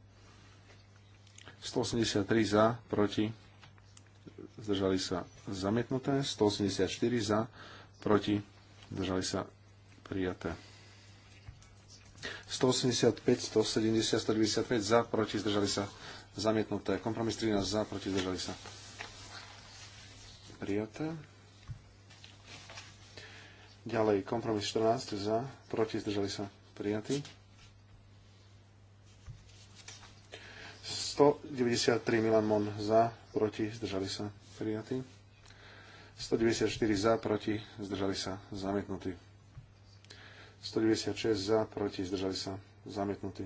C: 183 za, proti, zdržali sa zamietnuté. 184 za, proti, zdržali sa prijaté. 185, 170, 195 za, proti, zdržali sa zamietnuté. Kompromis 13 za, proti, zdržali sa prijaté. Ďalej kompromis 14 za, proti zdržali sa prijatí. 193 Milan Mon za, proti zdržali sa prijatí. 194 za, proti zdržali sa zamietnutý. 196 za, proti zdržali sa zamietnutý.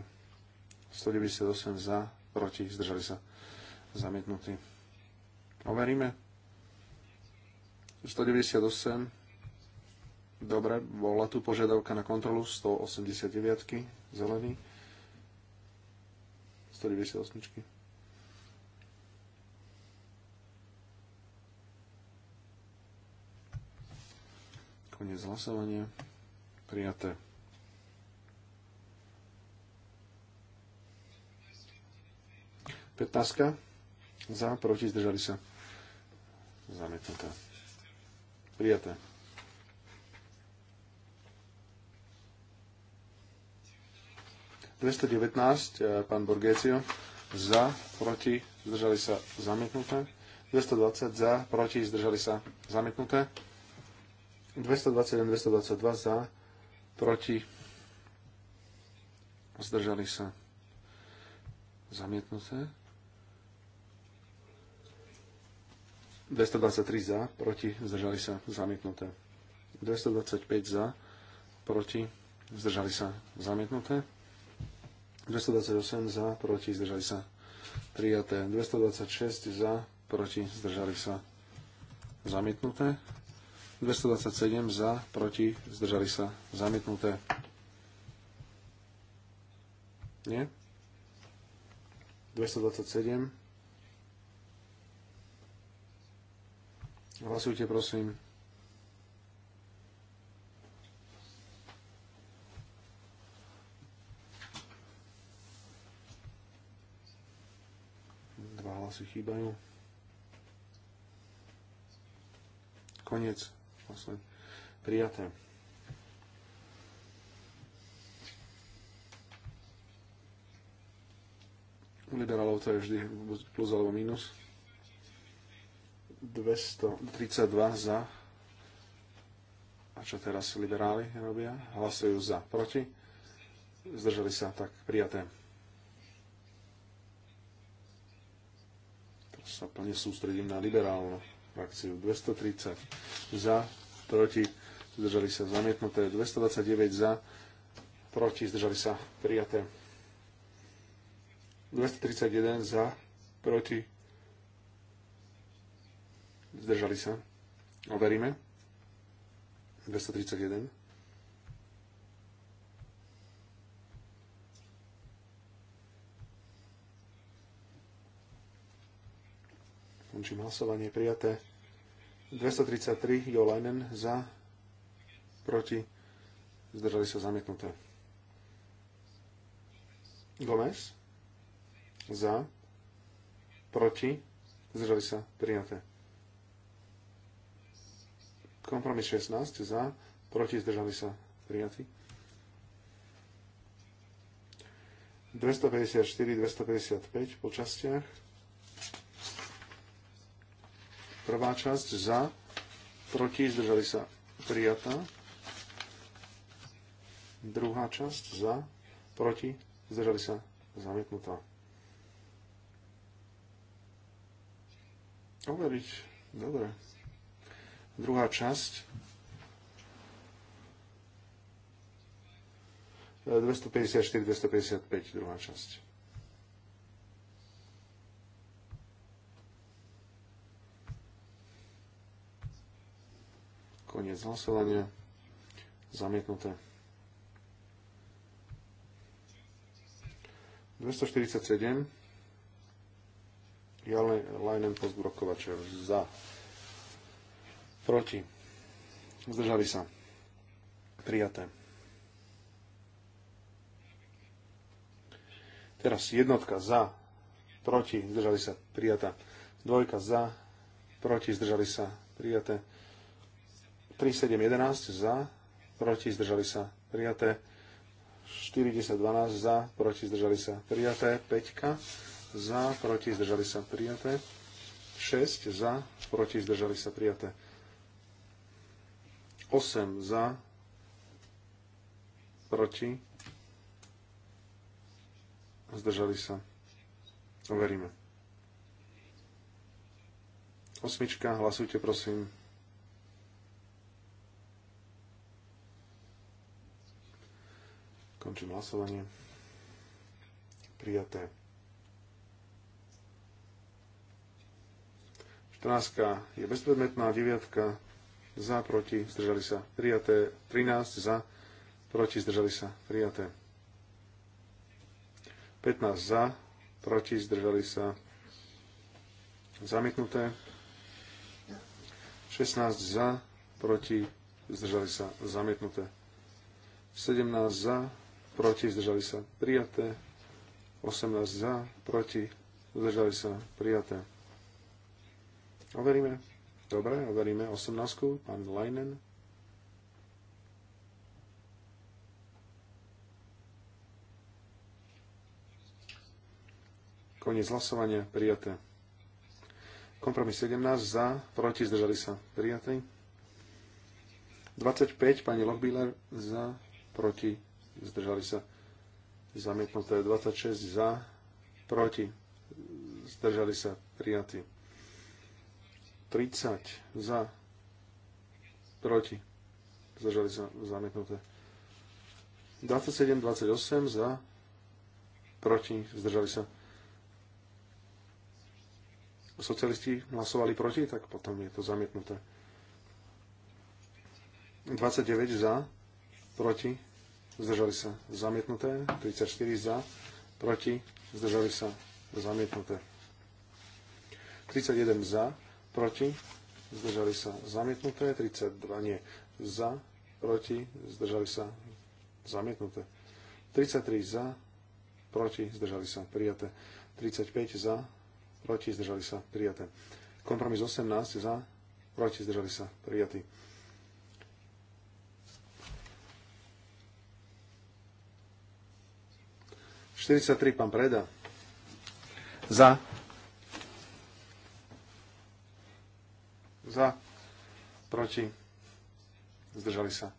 C: 198 za, proti zdržali sa zamietnutý. Overíme. 198. Dobre, bola tu požiadavka na kontrolu 189. Zelený. 198. Koniec hlasovania. Prijaté. Petnáctka. Za, proti, zdržali sa. Zamietnuté. Prijaté. ...219, e, pán Borgecio, za, proti, zdržali sa, zamietnuté. 220 za, proti, zdržali sa, zamietnuté. 221, 222 za, proti, zdržali sa, zamietnuté. 223 za, proti, zdržali sa, zamietnuté. 225 za, proti, zdržali sa, zamietnuté. 228 za, proti, zdržali sa, prijaté. 226 za, proti, zdržali sa, zamietnuté. 227 za, proti, zdržali sa, zamietnuté. Nie? 227 Hlasujte, prosím. Dva hlasy chýbajú. Koniec. Vlastne. Prijaté. U liberálov to je vždy plus alebo minus. 232 za. A čo teraz liberáli robia? Hlasujú za. Proti? Zdržali sa tak prijaté. To sa plne sústredím na liberálnu frakciu. 230 za. Proti? Zdržali sa zamietnuté. 229 za. Proti? Zdržali sa prijaté. 231 za. Proti? Zdržali sa. Overíme. 231. Končím hlasovanie. Prijaté. 233. Jo Leinen za. Proti. Zdržali sa zamietnuté. Gomez. Za. Proti. Zdržali sa. Prijaté. Kompromis 16 za, proti zdržali sa prijatí. 254, 255 po častiach. Prvá časť za, proti zdržali sa prijatá. Druhá časť za, proti zdržali sa zamietnutá. Overiť. Dobre. Druhá časť. 254-255, e, druhá časť. Koniec hlasovania. Zamietnuté. 247. Jale Lajnen Postbrokovačev za. Proti. Zdržali sa. Prijaté. Teraz jednotka za, proti, zdržali sa, prijatá. Dvojka za, proti, zdržali sa, prijaté. 11, za, proti, zdržali sa, prijaté. 4012 za, proti, zdržali sa, prijaté. 5 za, proti, zdržali sa, prijaté. 6 za, proti, zdržali sa, prijaté. 8 za, proti, zdržali sa. Overíme. Osmička, hlasujte prosím. Končím hlasovanie. Prijaté. 14 je bezpredmetná, 9 za, proti, zdržali sa, prijaté. 13 za, proti, zdržali sa, prijaté. 15 za, proti, zdržali sa, zamietnuté. 16 za, proti, zdržali sa, zamietnuté. 17 za, proti, zdržali sa, prijaté. 18 za, proti, zdržali sa, prijaté. Overíme. Dobre, overíme 18. Pán Leinen. Koniec hlasovania. Prijaté. Kompromis 17 za, proti, zdržali sa. Prijaté. 25, pani Lochbíler, za, proti, zdržali sa. Zamietnuté 26 za, proti, zdržali sa. Prijaté. 30 za, proti, zdržali sa zamietnuté. 27, 28 za, proti, zdržali sa. Socialisti hlasovali proti, tak potom je to zamietnuté. 29 za, proti, zdržali sa zamietnuté, 34 za, proti, zdržali sa zamietnuté. 31 za, proti, zdržali sa zamietnuté, 32 nie, za, proti, zdržali sa zamietnuté, 33 za, proti, zdržali sa prijaté, 35 za, proti, zdržali sa prijaté, kompromis 18 za, proti, zdržali sa prijatý. Štyridsaťtri pán Preda. Za, Za. Proti. Zdržali sa.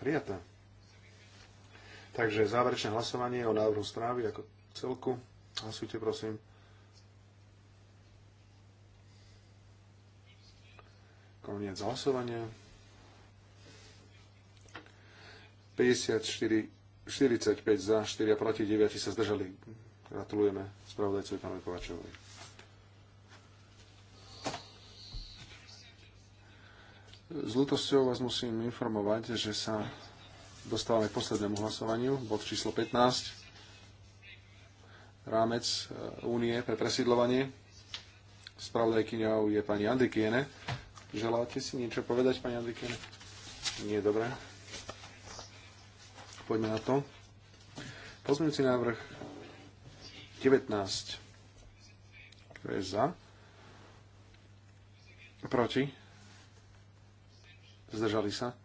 C: Prijaté. Takže záverečné hlasovanie o návrhu správy ako celku. Hlasujte, prosím. Koniec hlasovania. 54, 45 za, 4 proti, 9 sa zdržali. Gratulujeme spravodajcovi pánovi Kovačovi. S ľutosťou vás musím informovať, že sa dostávame k poslednému hlasovaniu, bod číslo 15, rámec e, únie pre presídlovanie. Spravodajkyňou je pani Andrikiene. Želáte si niečo povedať, pani Andrikiene? Nie, dobre. Poďme na to. Pozmeňujúci návrh 19. Kto je za? Proti? Zdržali sa?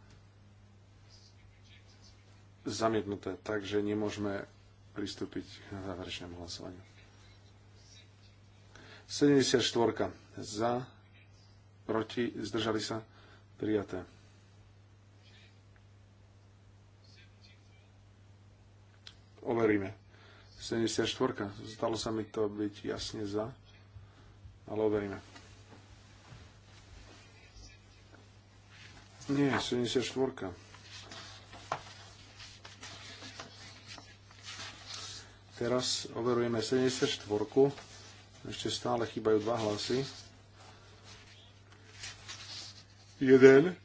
C: Zamietnuté. Takže nemôžeme pristúpiť k záverečnému hlasovaniu. 74. Za, proti, zdržali sa, prijaté. 74. Overíme. 74. Zdalo sa mi to byť jasne za, ale overíme. Nie, 74. Teraz overujeme 74. Ešte stále chýbajú dva hlasy. Jeden.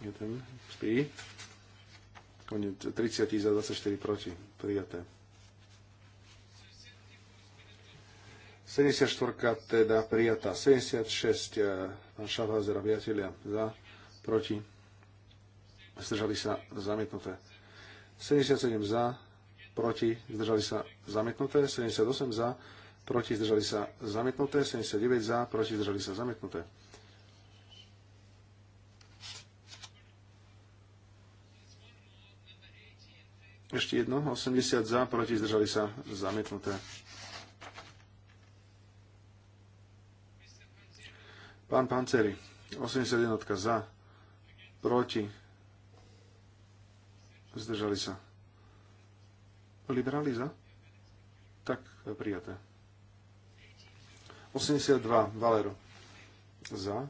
C: Jeden. Spí. Koniec 30 za 24 proti. Prijaté. 74 teda prijatá. 76 e, pán Schaffhauser a priatelia za, proti. Zdržali sa zamietnuté. 77 za, proti, zdržali sa zamietnuté. 78 za, proti, zdržali sa zamietnuté. 79 za, proti, zdržali sa zamietnuté. jedno, 80 za, proti, zdržali sa, zamietnuté. Pán Panceri, 81 za, proti, zdržali sa. Liberáli za? Tak, prijaté. 82, Valero. Za,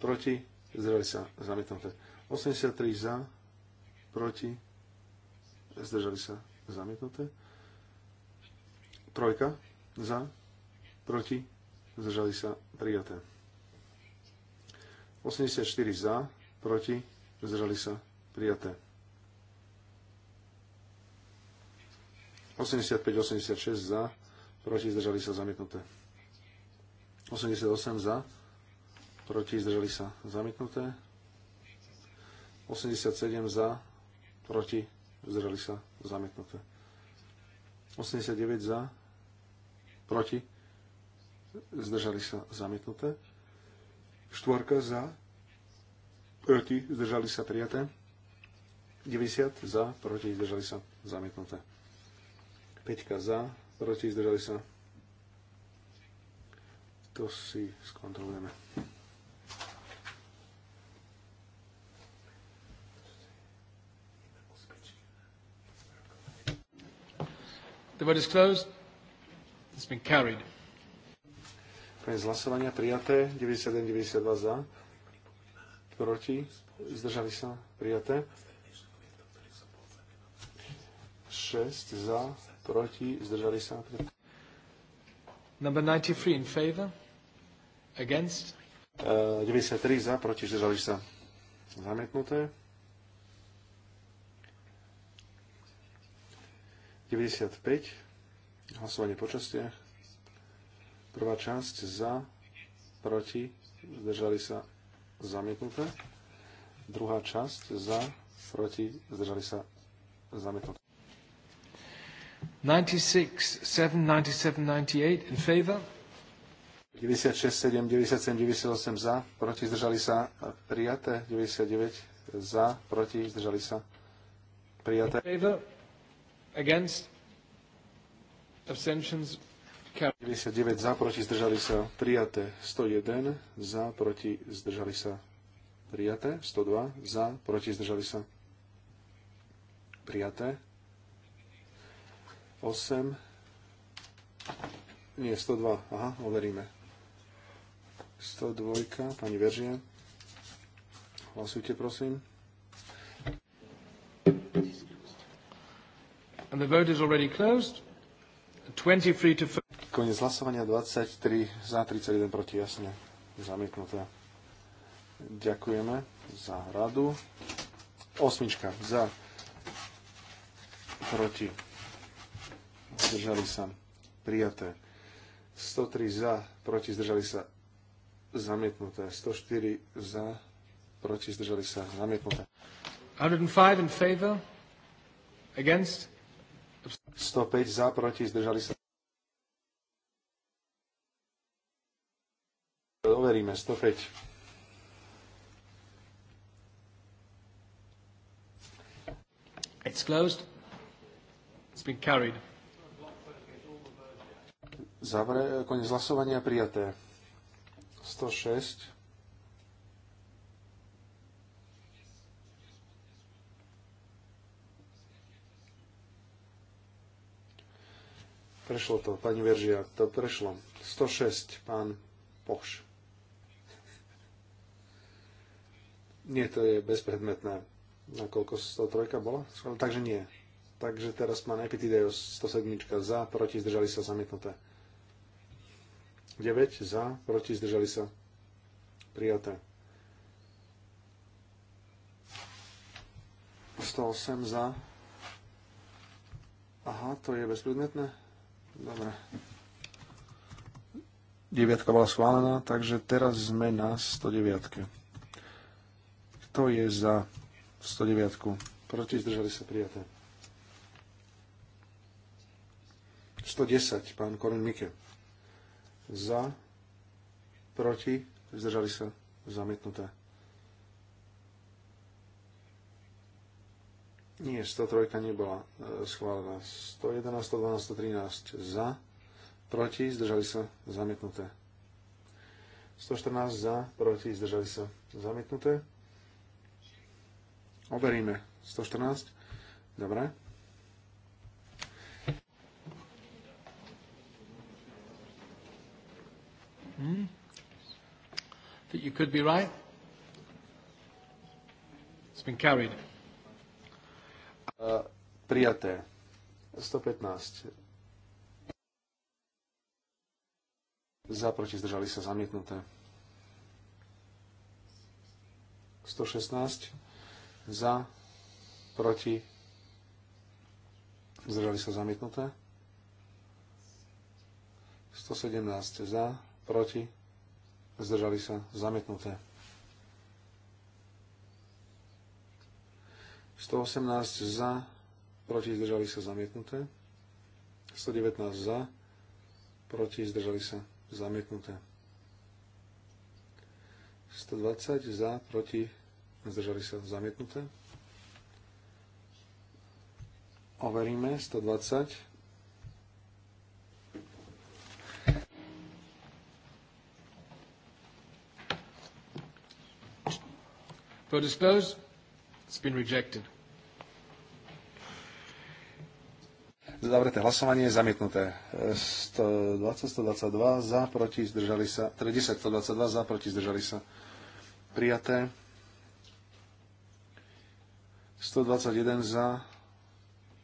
C: proti, zdržali sa, zamietnuté. 83 za, proti, zdržali sa, zamietnuté. Trojka, za, proti, zdržali sa, prijaté. 84 za, proti, zdržali sa, prijaté. 85-86 za, proti, zdržali sa, zamietnuté. 88 za, proti, zdržali sa, zamietnuté. 87 za, proti, zdržali sa, zamietnuté. 89 za, proti, zdržali sa, zamietnuté. Štvorka za, proti, zdržali sa prijaté. 90 za, proti, zdržali sa zamietnuté. 5 za, proti, zdržali sa. To si skontrolujeme.
B: The vote is closed. It's been carried.
C: Koniec hlasovania. Prijaté. 91-92 za. Proti. Zdržali sa. Prijaté. 6 za. Proti. Zdržali sa. Prijaté.
B: Number 93 in favor.
C: Against. Uh, e, 93 za. Proti. Zdržali sa. Zamietnuté. 95. Hlasovanie po častiach Prvá časť za, proti, zdržali sa zamietnuté. Druhá časť za, proti, zdržali sa zamietnuté.
B: 96, 7, 97, 98 in favor.
C: 96, 7, 97, 98 za, proti zdržali sa prijaté, 99 za, proti zdržali sa prijaté. In
B: Favor, against,
C: abstentions 99 za, proti, zdržali sa, prijaté. 101 za, proti, zdržali sa, prijaté. 102 za, proti, zdržali sa, prijaté. 8, nie, 102, aha, overíme. 102, pani Veržie. Hlasujte, prosím. And the vote is already closed. 23 to Konec hlasovania 23 za 31 proti jasne. Zamietnuté. Ďakujeme za radu. Osmička za proti. Zdržali sa. Prijaté. 103 za, proti zdržali sa. Zamietnuté. 104 za, proti zdržali sa. Zamietnuté. 105 in favor. Against. 105 za, proti zdržali sa 105. It's closed. It's been carried. Zavre, eh, koniec hlasovania prijaté. 106. Prešlo to, pani Veržia, to prešlo. 106, pán Poš. Nie, to je bezpredmetné, koľko 103 bola. Takže nie. Takže teraz má Epitideus 107 za, proti, zdržali sa, zamietnuté. 9 za, proti, zdržali sa, prijaté. 108 za. Aha, to je bezpredmetné. Dobre. 9 bola schválená, takže teraz sme na 109. Kto je za 109? Proti zdržali sa prijaté. 110, pán Korin Mike. Za, proti, zdržali sa zamietnuté. Nie, 103 nebola e, schválená. 111, 112, 113 za, proti, zdržali sa zamietnuté. 114 za, proti, zdržali sa zamietnuté. Overíme. 114. Dobre. Hmm.
B: That you could be right.
C: It's been carried. Uh, prijaté. 115. Za, proti, zdržali sa, zamietnuté. 116 za, proti, zdržali sa zamietnuté. 117 za, proti, zdržali sa zamietnuté. 118 za, proti, zdržali sa zamietnuté. 119 za, proti, zdržali sa zamietnuté. 120 za, proti, zdržali sa zamietnuté. Overíme 120.
B: For disclose, it's been rejected.
C: Zavreté hlasovanie zamietnuté. 120, 122 za, proti, zdržali sa. 30, teda 122 za, proti, zdržali sa. Prijaté. 121 za,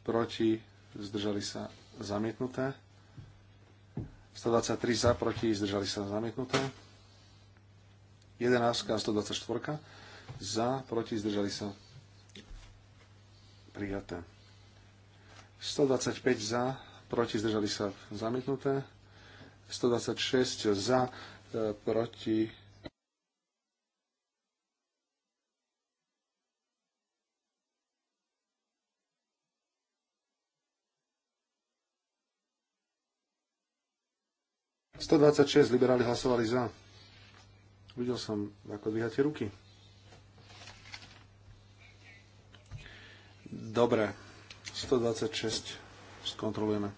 C: proti, zdržali sa zamietnuté. 123 za, proti, zdržali sa zamietnuté. 11 a 124 za, proti, zdržali sa prijaté. 125 za, proti, zdržali sa zamietnuté. 126 za, e, proti, 126 liberáli hlasovali za. Videl som, ako dvíhate ruky. Dobre, 126 skontrolujeme.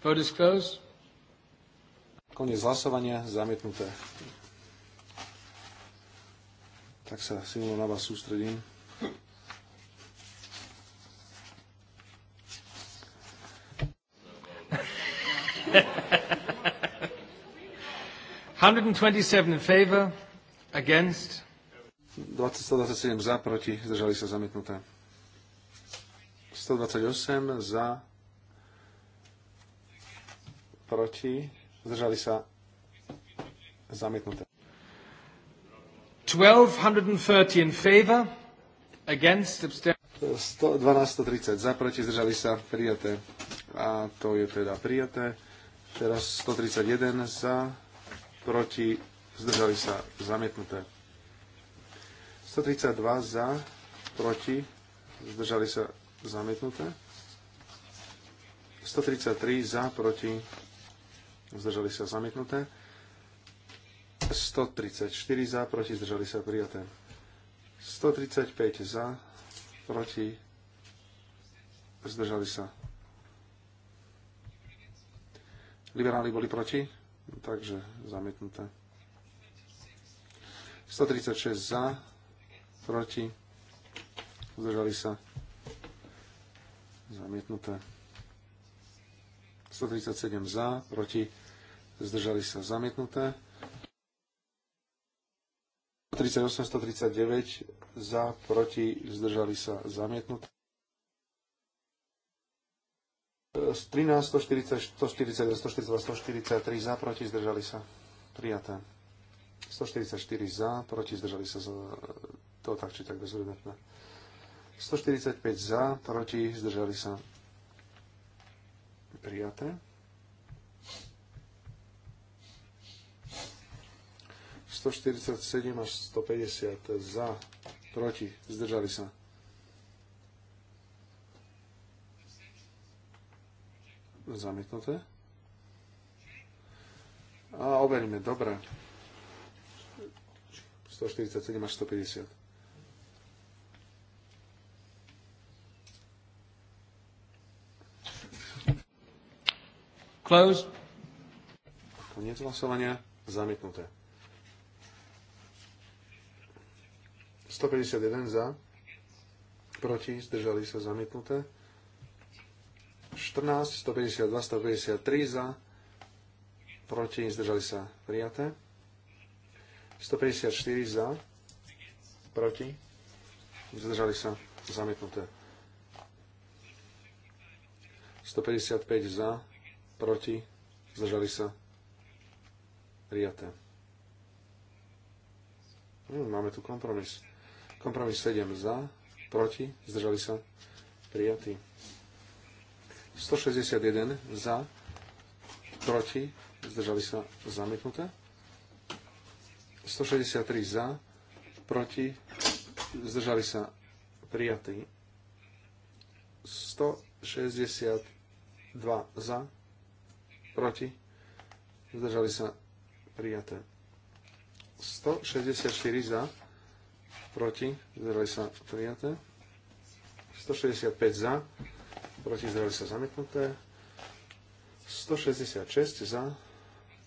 C: Vote is closed. Koniec hlasovania, zamietnuté. Tak sa silno na vás sústredím.
B: 127 in favor, against.
C: 227 za, proti, zdržali sa zamietnuté. 128 za, proti, zdržali sa zamietnuté. 1230 in favor, against, 1230 za, proti, zdržali sa prijaté. A to je teda prijaté. Teraz 131 za, proti, zdržali sa zamietnuté. 132 za, proti, zdržali sa zamietnuté. 133 za, proti, zdržali sa zamietnuté. 134 za, proti, zdržali sa prijaté. 135 za, proti, zdržali sa. Liberáli boli proti? Takže zamietnuté. 136 za, proti, zdržali sa, zamietnuté. 137 za, proti, zdržali sa, zamietnuté. 138, 139 za, proti, zdržali sa, zamietnuté. 13, 140, 141, 142, 143 za, proti, zdržali sa. Prijaté. 144 za, proti, zdržali sa. To tak či tak bezvedetné. 145 za, proti, zdržali sa. Prijaté. 147 až 150 za, proti, zdržali sa Zamietnuté. A overíme, dobre. 147 až 150. Close. Koniec hlasovania. Zamietnuté. 151 za. Proti. Zdržali sa zamietnuté. 14, 152, 153 za, proti, zdržali sa prijaté. 154 za, proti, zdržali sa zamietnuté. 155 za, proti, zdržali sa prijaté. Hm, máme tu kompromis. Kompromis 7 za, proti, zdržali sa prijatí. 161 za, proti, zdržali sa zamietnuté. 163 za, proti, zdržali sa prijatí. 162 za, proti, zdržali sa prijaté. 164 za, proti, zdržali sa prijaté. 165 za, proti zdržali sa zamietnuté. 166 za,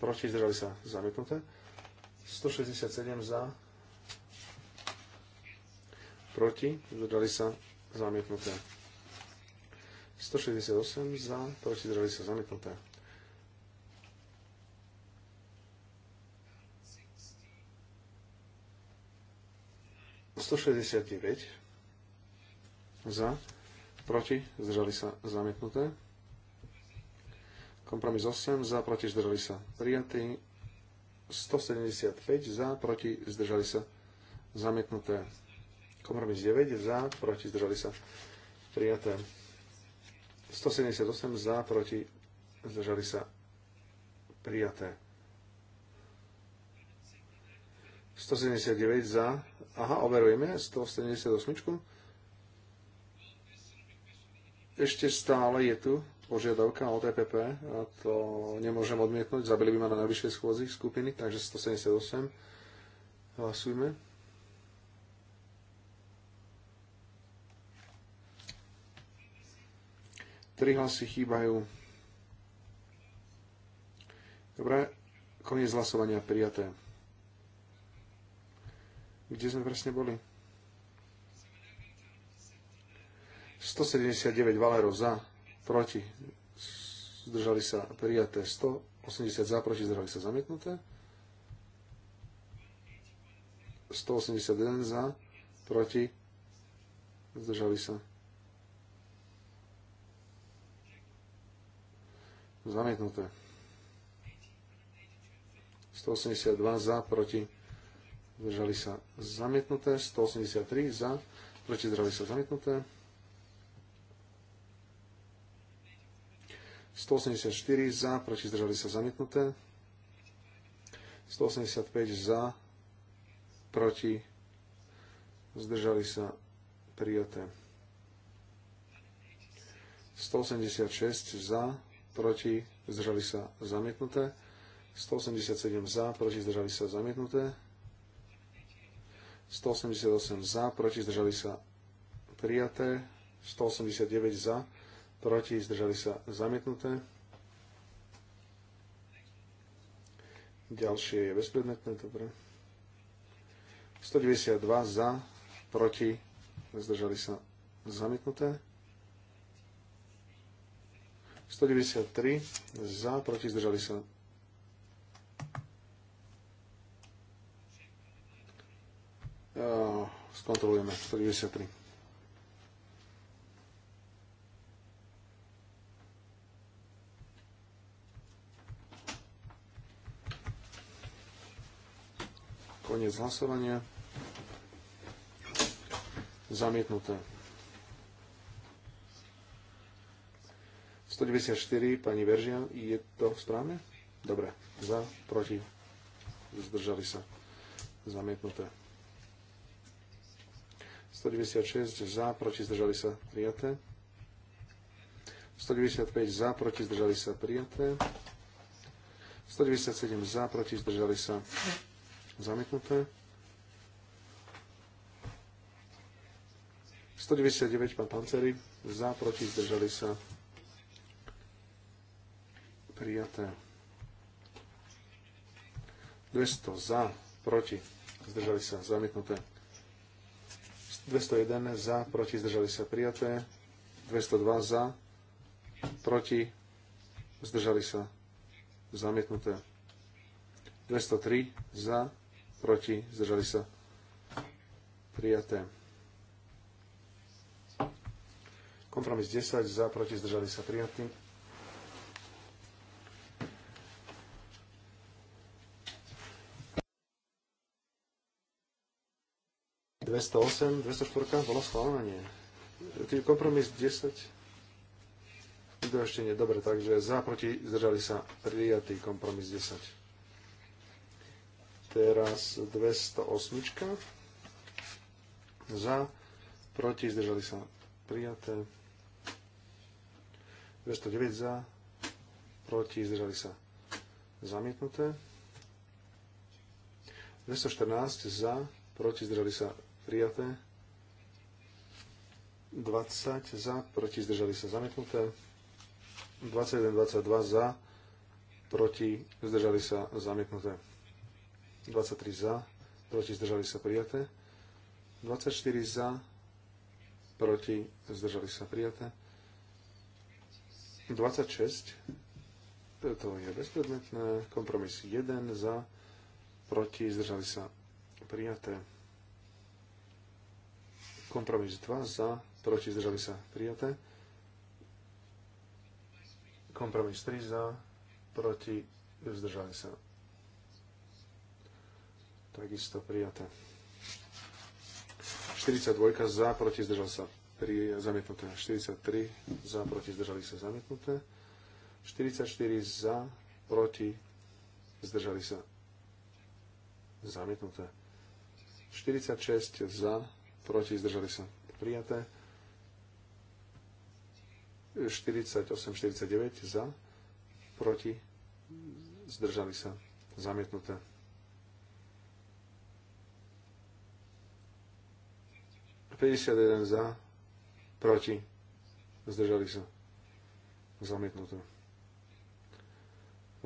C: proti zdržali sa zamietnuté. 167 za, proti zdržali sa zamietnuté. 168 za, proti zdržali sa zamietnuté. 169 za, proti, zdržali sa zamietnuté. Kompromis 8, za, proti, zdržali sa prijatý. 175, za, proti, zdržali sa zamietnuté. Kompromis 9, za, proti, zdržali sa prijaté. 178, za, proti, zdržali sa prijaté. 179 za, aha, overujeme 178. Ešte stále je tu požiadavka od EPP a to nemôžem odmietnúť. Zabili by ma na najvyššej schôzi skupiny, takže 178. Hlasujme. Tri hlasy chýbajú. Dobre, koniec hlasovania prijaté. Kde sme presne boli? 179 Valerov za, proti, zdržali sa prijaté 180 za, proti, zdržali sa zamietnuté. 181 za, proti, zdržali sa. Zamietnuté. 182 za, proti, zdržali sa zamietnuté. 183 za, proti, zdržali sa zamietnuté. 184 za, proti zdržali sa zamietnuté. 185 za, proti zdržali sa prijaté. 186 za, proti zdržali sa zamietnuté. 187 za, proti zdržali sa zamietnuté. 188 za, proti zdržali sa prijaté. 189 za, proti, zdržali sa zamietnuté. Ďalšie je bezpredmetné, dobre. 192 za, proti, zdržali sa zamietnuté. 193 za, proti, zdržali sa eh, skontrolujeme 193. Koniec hlasovania. Zamietnuté. 194, pani Veržia, je to správne? Dobre. Za, proti, zdržali sa. Zamietnuté. 196 za, proti, zdržali sa. Prijaté. 195 za, proti, zdržali sa. Prijaté. 197 za, proti, zdržali sa. Prijaté. Zamietnuté. 199 pán Panceri. Za, proti, zdržali sa. Prijaté. 200 za, proti, zdržali sa. Zamietnuté. 201 za, proti, zdržali sa. Prijaté. 202 za, proti, zdržali sa. Zamietnuté. 203 za, proti, zdržali sa prijaté. Kompromis 10 za, proti, zdržali sa prijatí. 208, 204, bolo schválené. Kompromis 10. Nikto ešte nie. Dobre, takže za, proti, zdržali sa prijatý kompromis 10. Teraz 208. Za. Proti. Zdržali sa prijaté. 209 za. Proti. Zdržali sa zamietnuté. 214 za. Proti. Zdržali sa prijaté. 20 za. Proti. Zdržali sa zamietnuté. 21, 22 za. Proti. Zdržali sa zamietnuté. 23 za, proti zdržali sa prijaté. 24 za, proti zdržali sa prijaté. 26, to je bezpredmetné, kompromis 1 za, proti zdržali sa prijaté. Kompromis 2 za, proti zdržali sa prijaté. Kompromis 3 za, proti zdržali sa prijaté Takisto prijaté. 42 za, proti zdržal sa pri, zamietnuté. 43 za, proti zdržali sa zamietnuté. 44 za, proti zdržali sa zamietnuté. 46 za, proti zdržali sa prijaté. 48, 49 za, proti zdržali sa zamietnuté. 51 za, proti, zdržali sa. Zamietnuté.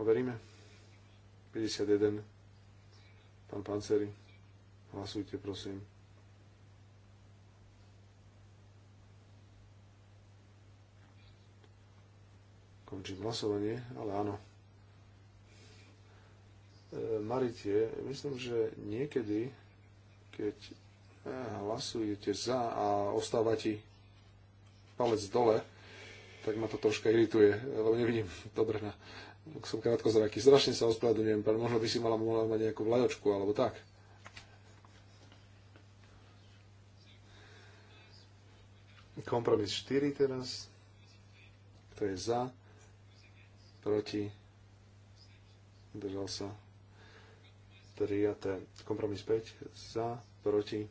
C: Overíme. 51. Pán Panceri, hlasujte prosím. Končím hlasovanie, ale áno. E, Maritie, myslím, že niekedy, keď E, hlasujete za a ostáva ti palec dole, tak ma to troška irituje, lebo nevidím dobre na... Som krátko zraký. Strašne sa ospravedlňujem, možno by si mala, mohla mať nejakú vlajočku alebo tak. Kompromis 4 teraz. Kto je za? Proti? Držal sa. 3 a ten. Kompromis 5. Za? Proti?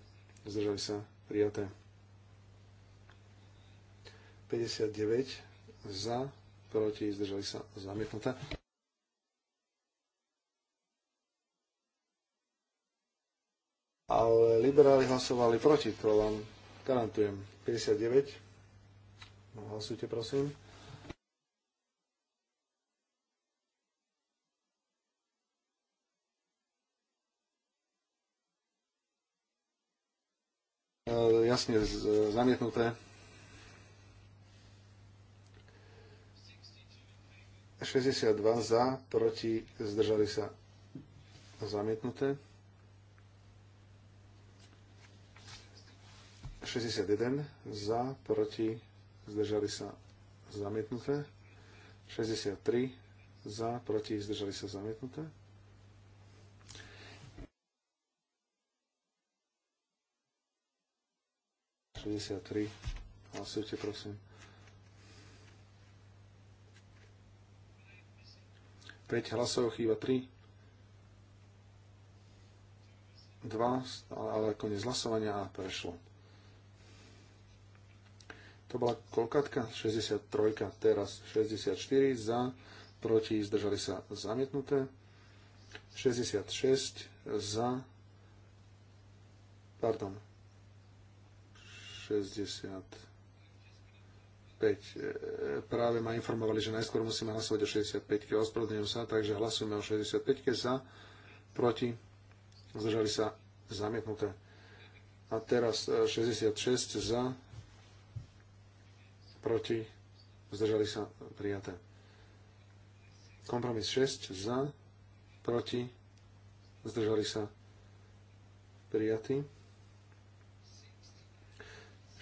C: zdržali sa prijaté. 59 za, proti, zdržali sa zamietnuté. Ale liberáli hlasovali proti, to vám garantujem. 59. No, hlasujte, prosím. E, jasne zamietnuté. 62 za, proti, zdržali sa zamietnuté. 61 za, proti, zdržali sa zamietnuté. 63 za, proti, zdržali sa zamietnuté. 63. Hlasujte, prosím. Päť hlasov, chýba 3. 2, ale koniec hlasovania a prešlo. To bola kolkatka 63, teraz 64 za, proti zdržali sa zamietnuté, 66 za, pardon, 65. Práve ma informovali, že najskôr musíme hlasovať o 65. Ospravedlňujem sa, takže hlasujeme o 65. Za, proti, zdržali sa zamietnuté. A teraz 66 e, za, proti, zdržali sa prijaté. Kompromis 6 za, proti, zdržali sa prijatí.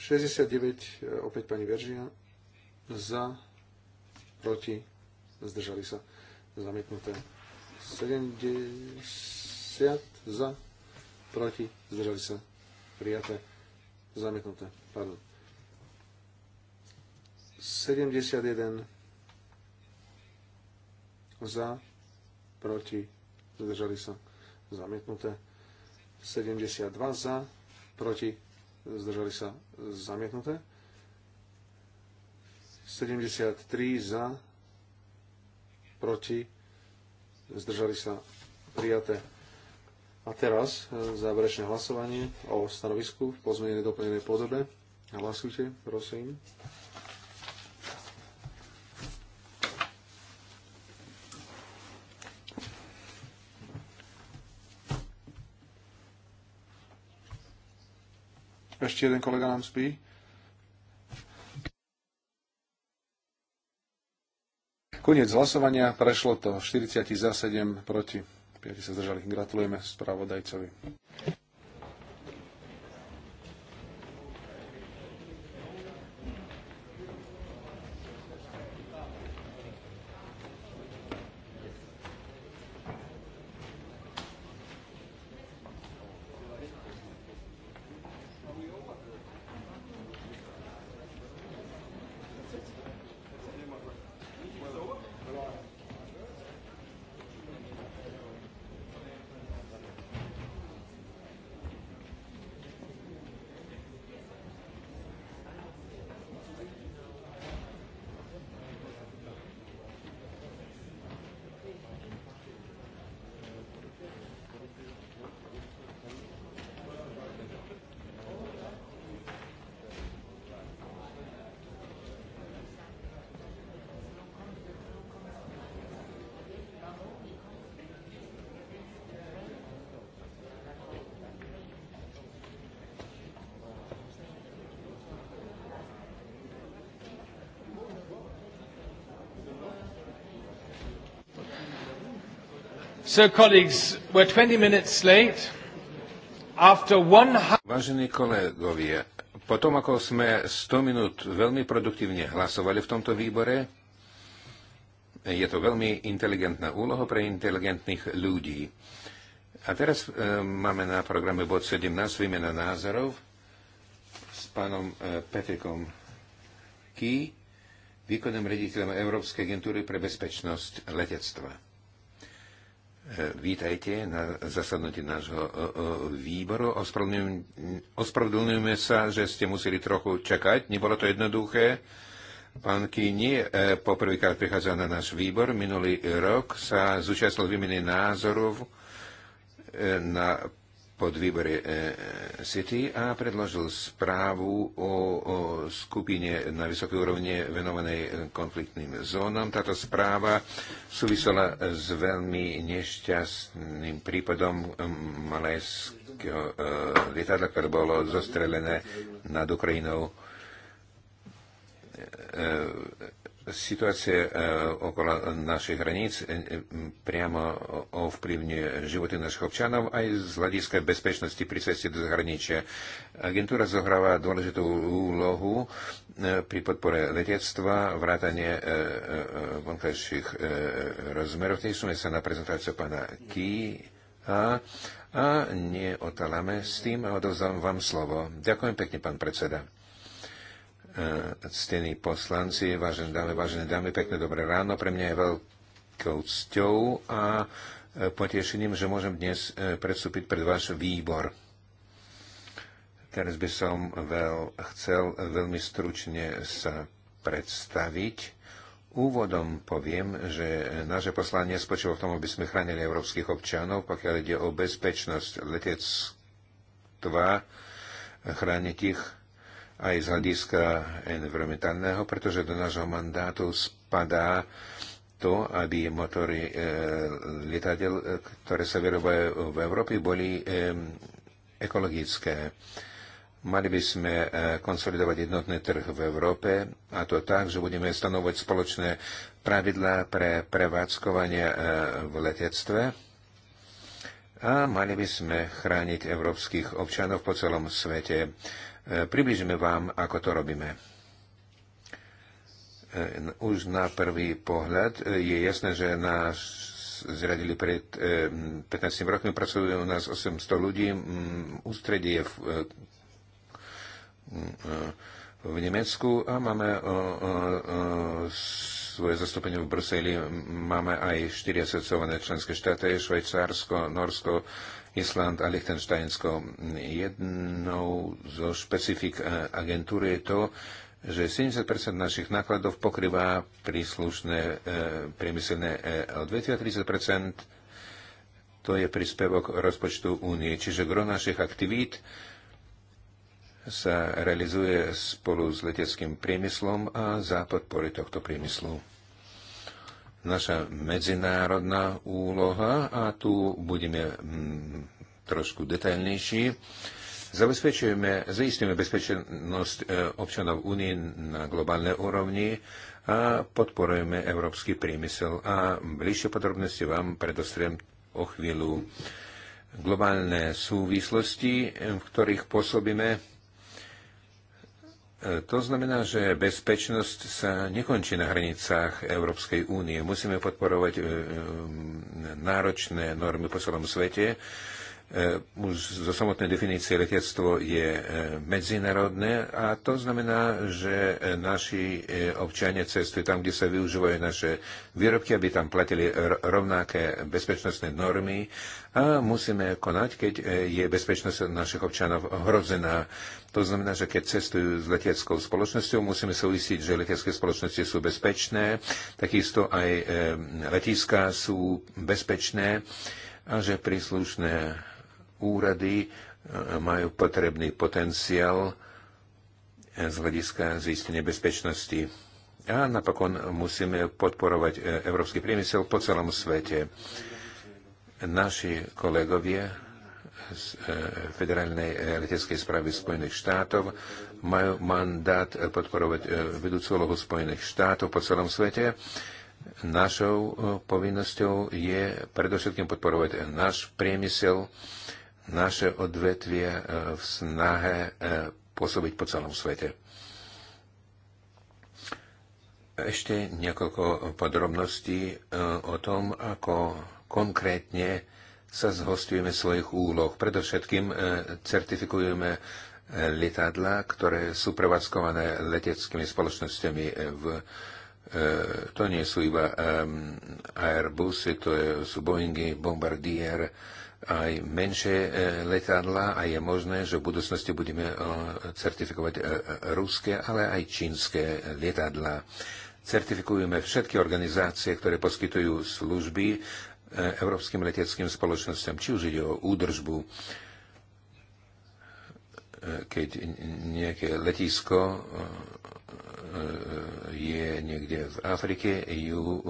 C: 69, e, opäť pani Veržia, za, proti, zdržali sa, zamietnuté. 70 za, proti, zdržali sa, prijaté, zamietnuté, pardon. 71 za, proti, zdržali sa, zamietnuté. 72 za, proti, zdržali sa zamietnuté. 73 za, proti, zdržali sa prijaté. A teraz e, záverečné hlasovanie o stanovisku v pozmenenej doplnenej podobe. Hlasujte, prosím. Ešte jeden kolega nám spí. Koniec hlasovania, prešlo to 40 za 7 proti. 5 sa zdržali. Gratulujeme spravodajcovi.
A: Vážení kolegovia, potom ako sme 100 minút veľmi produktívne hlasovali v tomto výbore, je to veľmi inteligentná úloha pre inteligentných ľudí. A teraz e, máme na programe bod 17 výmena názorov s pánom e, Petrikom Ký, výkonným rediteľom Európskej agentúry pre bezpečnosť letectva. Vítajte na zasadnutí nášho výboru. Ospravedlňujeme sa, že ste museli trochu čakať. Nebolo to jednoduché. Pán Kini e, poprvýkrát prichádza na náš výbor. Minulý rok sa zúčastnil výmeny názorov e, na E, e, City a predložil správu o, o skupine na vysokej úrovni venovanej konfliktným zónam. Táto správa súvisela s veľmi nešťastným prípadom malajského e, lietadla, ktoré bolo zostrelené nad Ukrajinou e, Situácia e, okolo našich hraníc e, e, priamo ovplyvňuje životy našich občanov aj z hľadiska bezpečnosti pri ceste do zahraničia. Agentúra zohráva dôležitú úlohu pri podpore letectva, vrátanie vonkajších rozmerov. Tešíme sa na prezentáciu pána Ký a, a neotaláme s tým a odovzdám vám slovo. Ďakujem pekne, pán predseda. E, ctení poslanci, vážené dámy, vážené dámy, pekné dobré ráno. Pre mňa je veľkou cťou a e, potešením, že môžem dnes e, predstúpiť pred váš výbor. Teraz by som veľ, chcel veľmi stručne sa predstaviť. Úvodom poviem, že naše poslanie spočíva v tom, aby sme chránili európskych občanov, pokiaľ ide o bezpečnosť letectva, chrániť ich aj z hľadiska environmentálneho, pretože do nášho mandátu spadá to, aby motory e, lietadiel, ktoré sa vyrobajú v Európe, boli e, ekologické. Mali by sme e, konsolidovať jednotný trh v Európe, a to tak, že budeme stanovať spoločné pravidlá pre prevádzkovanie e, v letectve a mali by sme chrániť európskych občanov po celom svete. E, približíme vám, ako to robíme. E, už na prvý pohľad e, je jasné, že nás zradili pred 15 rokmi, pracuje u nás 800 ľudí, ústredie je v, v Nemecku a máme svoje zastúpenie v Bruseli. Máme aj 4 asociované členské štáty, Švajcársko, Norsko, Island a Liechtensteinsko. Jednou zo špecifik eh, agentúry je to, že 70 našich nákladov pokrýva príslušné e, priemyselné e, odvetvia, 30 to je príspevok rozpočtu únie. Čiže gro našich aktivít sa realizuje spolu s leteckým priemyslom a za podpory tohto priemyslu naša medzinárodná úloha, a tu budeme mm, trošku detailnejší, zabezpečujeme, zaistíme bezpečnosť e, občanov únie na globálnej úrovni a podporujeme európsky priemysel. A bližšie podrobnosti vám predostriem o chvíľu globálne súvislosti, v ktorých pôsobíme to znamená, že bezpečnosť sa nekončí na hranicách Európskej únie. Musíme podporovať e, e, náročné normy po celom svete, E, už zo samotnej definície letectvo je e, medzinárodné a to znamená, že e, naši občania cestujú tam, kde sa využívajú naše výrobky, aby tam platili rovnaké bezpečnostné normy a musíme konať, keď je bezpečnosť našich občanov hrozená. To znamená, že keď cestujú s leteckou spoločnosťou, musíme sa uistiť, že letecké spoločnosti sú bezpečné, takisto aj letiska sú bezpečné a že príslušné úrady e, majú potrebný potenciál e, z hľadiska zistenia bezpečnosti. A napokon musíme podporovať e, európsky priemysel po celom svete. Naši kolegovia z Federálnej leteckej správy Spojených štátov majú mandát podporovať vedúcu úlohu Spojených štátov po celom svete. Našou povinnosťou je predovšetkým podporovať náš priemysel, naše odvetvie e, v snahe e, pôsobiť po celom svete. Ešte niekoľko podrobností e, o tom, ako konkrétne sa zhostujeme svojich úloh. Predovšetkým certifikujeme lietadla, ktoré sú prevádzkované leteckými spoločnosťami v to nie sú iba Airbusy, to sú Boeingy, Bombardier, aj menšie e, letadla a je možné, že v budúcnosti budeme e, certifikovať e, ruské, ale aj čínske lietadla. Certifikujeme všetky organizácie, ktoré poskytujú služby európskym leteckým spoločnosťam, či už ide o údržbu, keď nejaké letisko je niekde v Afrike, ju,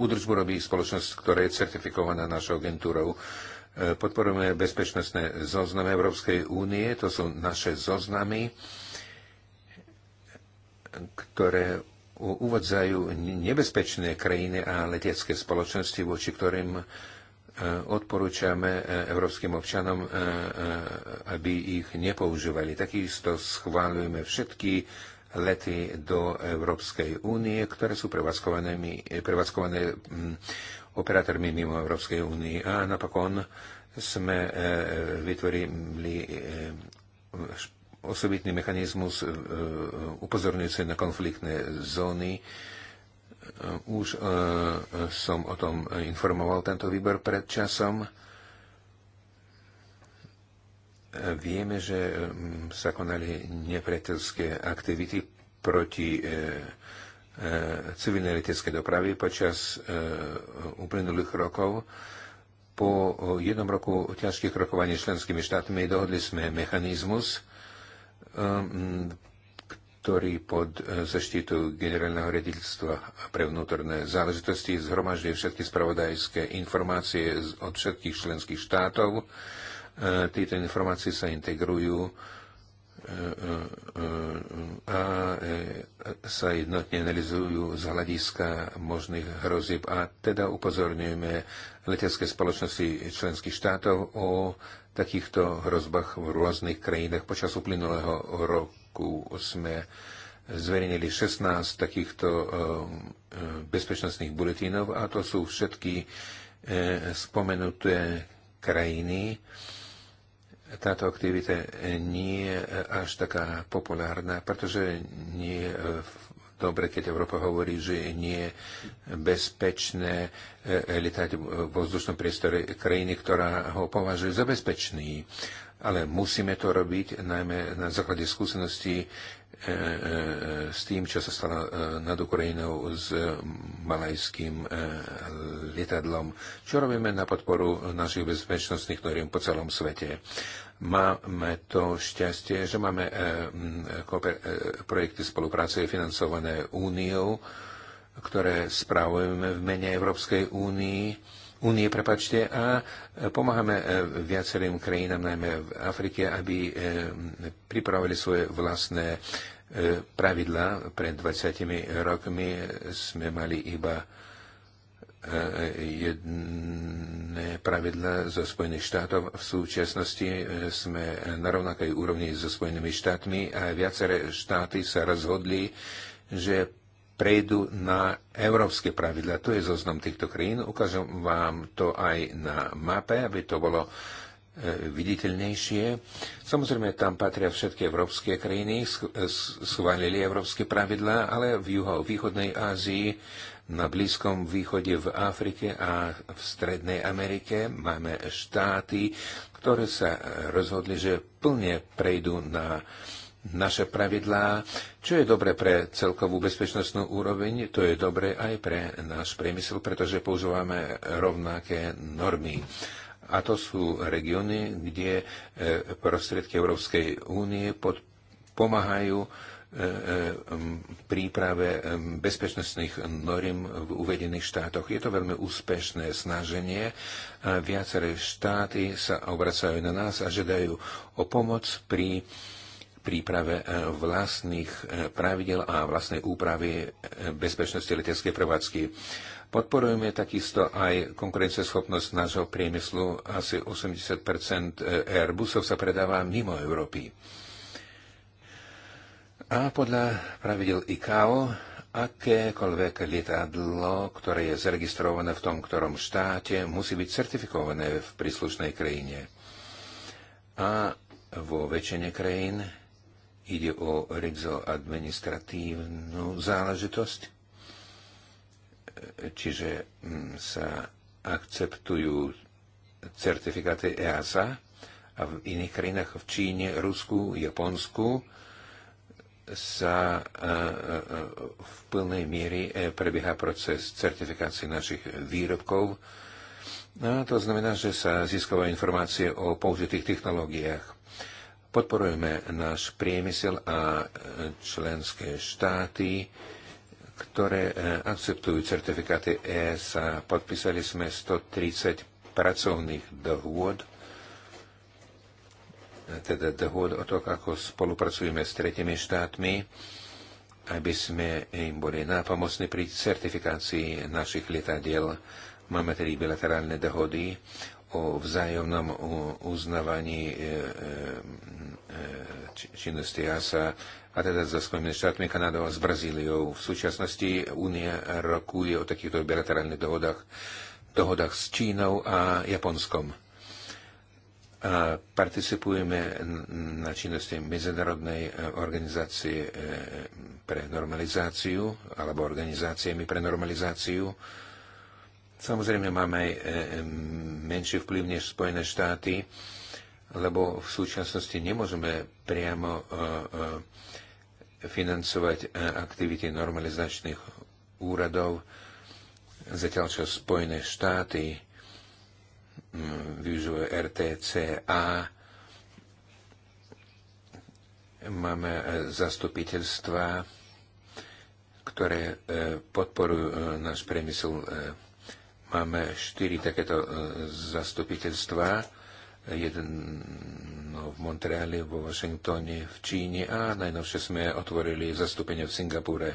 A: údržbu robí spoločnosť, ktorá je certifikovaná našou agentúrou. Podporujeme bezpečnostné zoznamy Európskej únie, to sú naše zoznamy, ktoré uvádzajú nebezpečné krajiny a letecké spoločnosti, voči ktorým e, odporúčame e, európskym občanom, e, aby ich nepoužívali. Takisto schváľujeme všetky lety do Európskej únie, ktoré sú prevádzkované operátormi mimo Európskej únie. A napokon sme e, vytvorili e, osobitný mechanizmus e, upozorňujúci na konfliktné zóny. Už som o tom informoval tento výbor pred časom. Vieme, že sa konali nepriateľské aktivity proti E, civilnej leteckej dopravy počas e, uplynulých rokov. Po e, jednom roku ťažkých rokovaní členskými štátmi dohodli sme mechanizmus, ktorý pod zaštitu generálneho rediteľstva pre vnútorné záležitosti zhromažďuje všetky spravodajské informácie od všetkých členských štátov. Tieto informácie sa integrujú a e, sa jednotne analizujú z hľadiska možných hrozieb a teda upozorňujeme letecké spoločnosti členských štátov o takýchto hrozbách v rôznych krajinách. Počas uplynulého roku sme zverejnili 16 takýchto e, e, bezpečnostných bulletínov a to sú všetky spomenuté krajiny, táto aktivita nie je až taká populárna, pretože nie je e, dobre, keď Európa hovorí, že nie je bezpečné e, letať vo vzdušnom priestore krajiny, ktorá ho považuje za bezpečný. Ale musíme to robiť najmä na základe skúseností e, s tým, čo sa stalo nad Ukrajinou s malajským lietadlom, čo robíme na podporu našich bezpečnostných noriem po celom svete. Máme to šťastie, že máme e, e, projekty spolupráce financované úniou, ktoré spravujeme v mene Európskej únii. Únie, prepačte, a pomáhame e, viacerým krajinám, najmä v Afrike, aby pripravili svoje vlastné pravidla. Pred 20 rokmi sme mali iba jedné pravidla zo Spojených štátov. V súčasnosti e, sme na rovnakej úrovni so Spojenými štátmi a viaceré štáty sa rozhodli, že prejdú na európske pravidla. To je zoznam týchto krajín. Ukážem vám to aj na mape, aby to bolo e, viditeľnejšie. Samozrejme, tam patria všetky európske krajiny, schválili európske pravidlá, ale v juho-východnej Ázii na Blízkom východe, v Afrike a v Strednej Amerike. Máme štáty, ktoré sa rozhodli, že plne prejdú na naše pravidlá, čo je dobre pre celkovú bezpečnostnú úroveň, to je dobre aj pre náš priemysel, pretože používame rovnaké normy. A to sú regióny, kde e, prostriedky Európskej únie pod, pomáhajú E, e, príprave e, bezpečnostných norm v uvedených štátoch. Je to veľmi úspešné snaženie. Viaceré štáty sa obracajú na nás a žiadajú o pomoc pri príprave vlastných pravidel a vlastnej úpravy bezpečnosti leteckej prevádzky. Podporujeme takisto aj konkurenceschopnosť nášho priemyslu. Asi 80 Airbusov sa predáva mimo Európy. A podľa pravidel ICAO, akékoľvek lietadlo, ktoré je zaregistrované v tom ktorom štáte, musí byť certifikované v príslušnej krajine. A vo väčšine krajín ide o rizo-administratívnu záležitosť, čiže mm, sa akceptujú certifikáty EASA a v iných krajinách v Číne, Rusku, Japonsku sa e, e, v plnej miery e, prebieha proces certifikácie našich výrobkov. No, to znamená, že sa získava informácie o použitých technológiách. Podporujeme náš priemysel a členské štáty, ktoré akceptujú certifikáty ESA. Podpísali sme 130 pracovných dohôd teda dohod o to, ako spolupracujeme s tretimi štátmi, aby sme im boli nápomocní pri certifikácii našich lietadiel. Máme tedy bilaterálne dohody o vzájomnom uznávaní e, e, e, činnosti ASA a teda za Spojenými štátmi, Kanadou a s Brazíliou. V súčasnosti Únia rokuje o takýchto bilaterálnych dohodách, dohodách s Čínou a Japonskom participujeme na činnosti Medzinárodnej e, organizácie e, pre normalizáciu alebo organizáciami pre normalizáciu. Samozrejme máme aj e, menší vplyv než Spojené štáty, lebo v súčasnosti nemôžeme priamo financovať aktivity normalizačných úradov, zatiaľ čo Spojené štáty využívajú RTCA. Máme e, zastupiteľstva, ktoré e, podporujú e, náš priemysel. Máme štyri takéto zastupiteľstva. Jedno v Montreali, vo Washingtone, v Číne a najnovšie sme otvorili zastúpenie v Singapúre.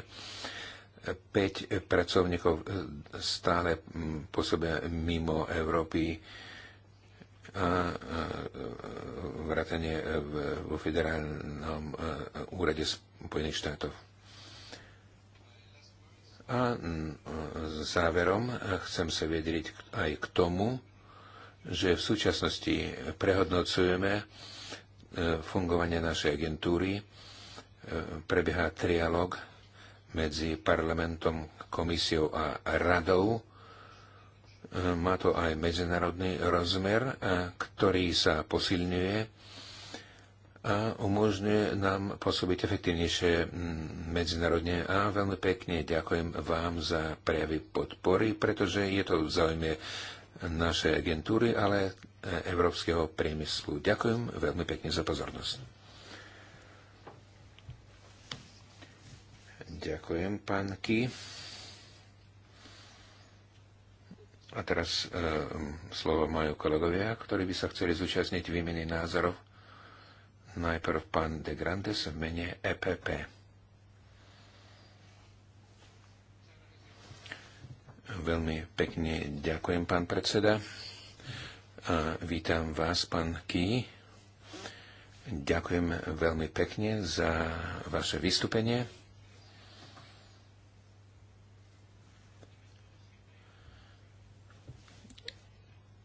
A: 5 pracovníkov e, stále pôsobia mimo Európy a vrátanie e, vo federálnom e, úrade Spojených štátov. A záverom chcem sa vedriť aj k tomu, že v súčasnosti prehodnocujeme fungovanie našej agentúry, prebieha trialog medzi parlamentom, komisiou a radou. E, má to aj medzinárodný rozmer, e, ktorý sa posilňuje a umožňuje nám pôsobiť efektívnejšie medzinárodne. A veľmi pekne ďakujem vám za prejavy podpory, pretože je to v záujme našej agentúry, ale e, európskeho priemyslu. Ďakujem veľmi pekne za pozornosť. Ďakujem, pán Ký. A teraz e, slovo majú kolegovia, ktorí by sa chceli zúčastniť výmeny názorov. Najprv pán De Grandes v mene EPP. Veľmi pekne ďakujem, pán predseda. A vítam vás, pán Ký. Ďakujem veľmi pekne za vaše vystúpenie.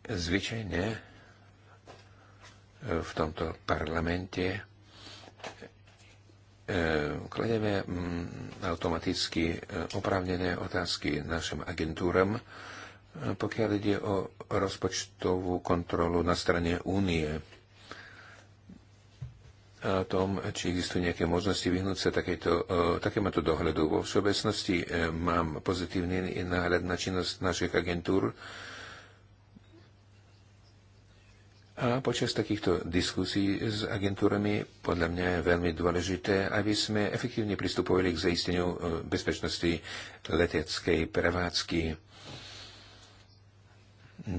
A: Zvyčajne e, v tomto parlamente e, klademe mm, automaticky e, oprávnené otázky našim agentúram, pokiaľ ide o rozpočtovú kontrolu na strane únie o tom, či existujú nejaké možnosti vyhnúť sa takéto, takémuto dohľadu. Vo všeobecnosti mám pozitívny náhľad na činnosť našich agentúr, a počas takýchto diskusí s agentúrami podľa mňa je veľmi dôležité, aby sme efektívne pristupovali k zaisteniu e, bezpečnosti leteckej prevádzky.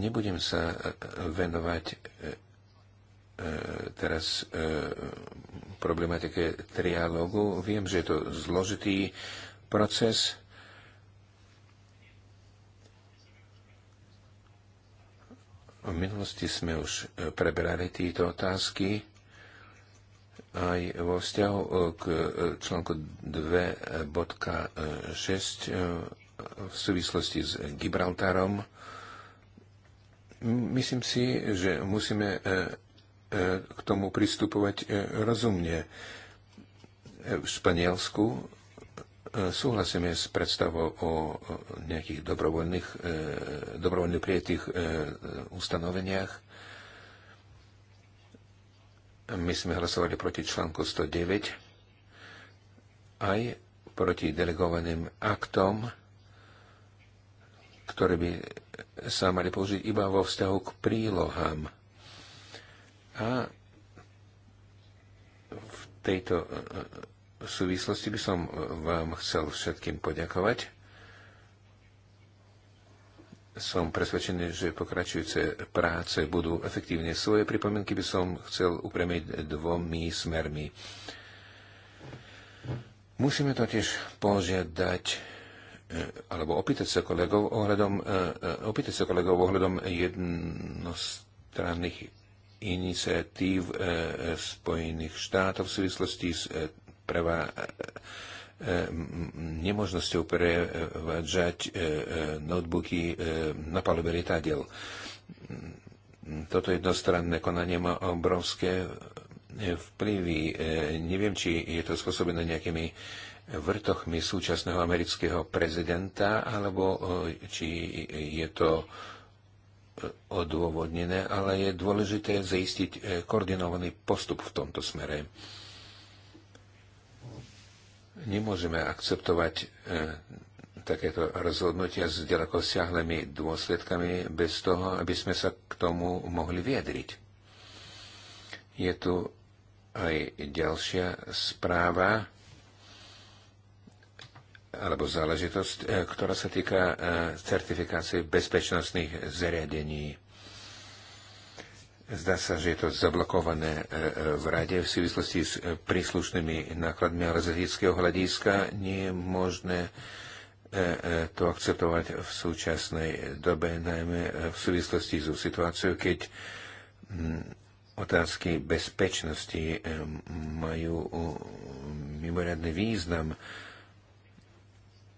A: Nebudem sa e, venovať e, teraz problematike triálogu. Viem, že je to zložitý proces V minulosti sme už e, preberali tieto otázky aj vo vzťahu e, k e, článku 2.6 v súvislosti s Gibraltarom. Myslím si, že musíme k tomu pristupovať rozumne. V Španielsku súhlasíme s predstavou o nejakých dobrovoľných, e, dobrovoľných prijetých e, ustanoveniach. My sme hlasovali proti článku 109 aj proti delegovaným aktom, ktoré by sa mali použiť iba vo vzťahu k prílohám. A v tejto e, súvislosti by som e, vám chcel všetkým poďakovať. Som presvedčený, že pokračujúce práce budú efektívne. Svoje pripomienky by som chcel upremiť dvomi smermi. Musíme totiž požiadať e, alebo opýtať sa kolegov ohľadom, e, opýtať sa kolegov ohľadom jednostranných iniciatív Spojených štátov v súvislosti s práva e, e, nemožnosťou prevádzať e, notebooky na palube lietadiel. Toto jednostranné konanie má obrovské vplyvy. Neviem, či je to spôsobené nejakými vrtochmi súčasného amerického prezidenta, alebo či je to odôvodnené, ale je dôležité zaistiť koordinovaný postup v tomto smere. Nemôžeme akceptovať e, takéto rozhodnutia s ďaleko siahlými dôsledkami bez toho, aby sme sa k tomu mohli vyjadriť. Je tu aj ďalšia správa alebo záležitosť, e, ktorá sa týka e, certifikácie bezpečnostných zariadení. Zdá sa, že je to zablokované e, e, v rade v súvislosti s e, príslušnými nákladmi, ale z hľadického hľadiska nie je možné to akceptovať v súčasnej dobe, najmä v súvislosti so situáciou, keď otázky bezpečnosti majú mimoriadný význam.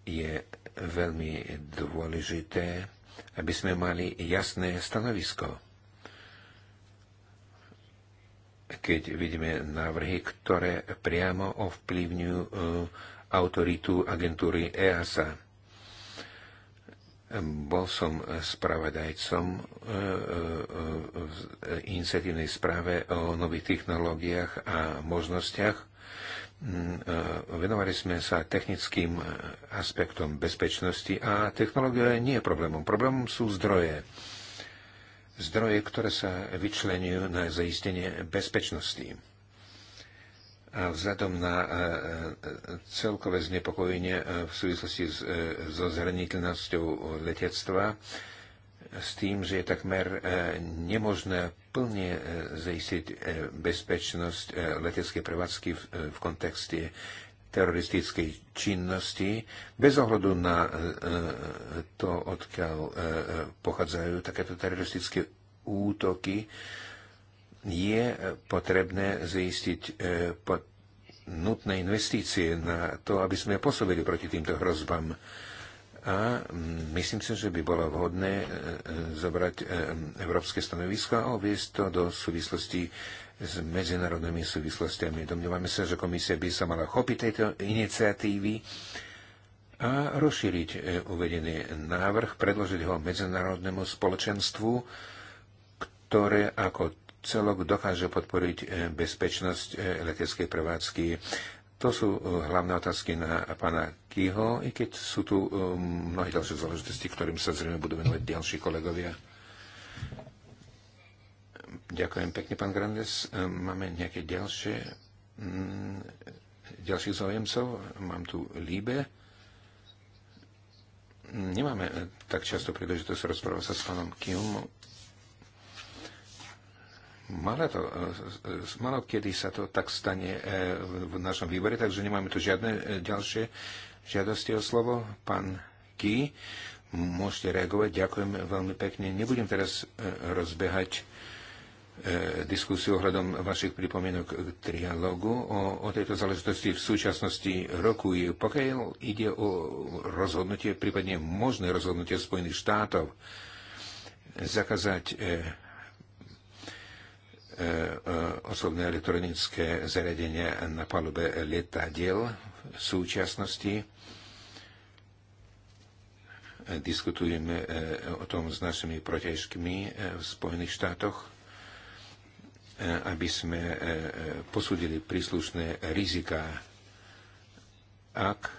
A: Je veľmi dôležité, aby sme mali jasné stanovisko keď vidíme návrhy, ktoré priamo ovplyvňujú e, autoritu agentúry EASA. Bol som spravodajcom v e, e, iniciatívnej správe o nových technológiách a možnostiach. Mm, venovali sme sa technickým aspektom bezpečnosti a technológia nie je problémom. Problémom sú zdroje zdroje, ktoré sa vyčlenujú na zaistenie bezpečnosti. A vzhľadom na e, e, celkové znepokojenie e, v súvislosti so zraniteľnosťou letectva, s tým, že je takmer nemožné plne zaistiť bezpečnosť leteckej prevádzky v kontexte teroristickej činnosti, bez ohľadu na e, e, to, odkiaľ e, pochádzajú takéto teroristické útoky, je potrebné zistiť nutné investície na to, aby sme pôsobili proti týmto hrozbám. A myslím si, že by bolo vhodné zobrať európske stanovisko a uviezť to do súvislosti s medzinárodnými súvislostiami. Domňujeme sa, že komisia by sa mala chopiť tejto iniciatívy a rozšíriť e, uvedený návrh, predložiť ho medzinárodnému spoločenstvu, ktoré ako celok dokáže podporiť e, bezpečnosť e, leteckej prevádzky. To sú hlavné otázky na pána Kýho, i keď sú tu mnohé ďalšie záležitosti, ktorým sa zrejme budú venovať ďalší kolegovia. Ďakujem pekne, pán Grandes. E, máme nejaké ďalšie, mm, ďalších záujemcov? Mám tu Líbe. Nemáme e, tak často príležitosť rozprávať sa s pánom Kim. Malo, to, e, malo kedy sa to tak stane v našom výbore, takže nemáme tu žiadne ďalšie žiadosti o slovo. Pán Ký, môžete reagovať. Ďakujem veľmi pekne. Nebudem teraz rozbehať E, diskusiu ohľadom vašich pripomienok k trialógu o, o tejto záležitosti v súčasnosti roku. Pokiaľ ide o rozhodnutie, prípadne možné rozhodnutie Spojených štátov zakázať e, e, e osobné elektronické zariadenia na palube lietadiel v súčasnosti, e, diskutujeme o tom s našimi protiažkami v Spojených štátoch Eh, aby sme eh, eh, posúdili príslušné rizika. Ak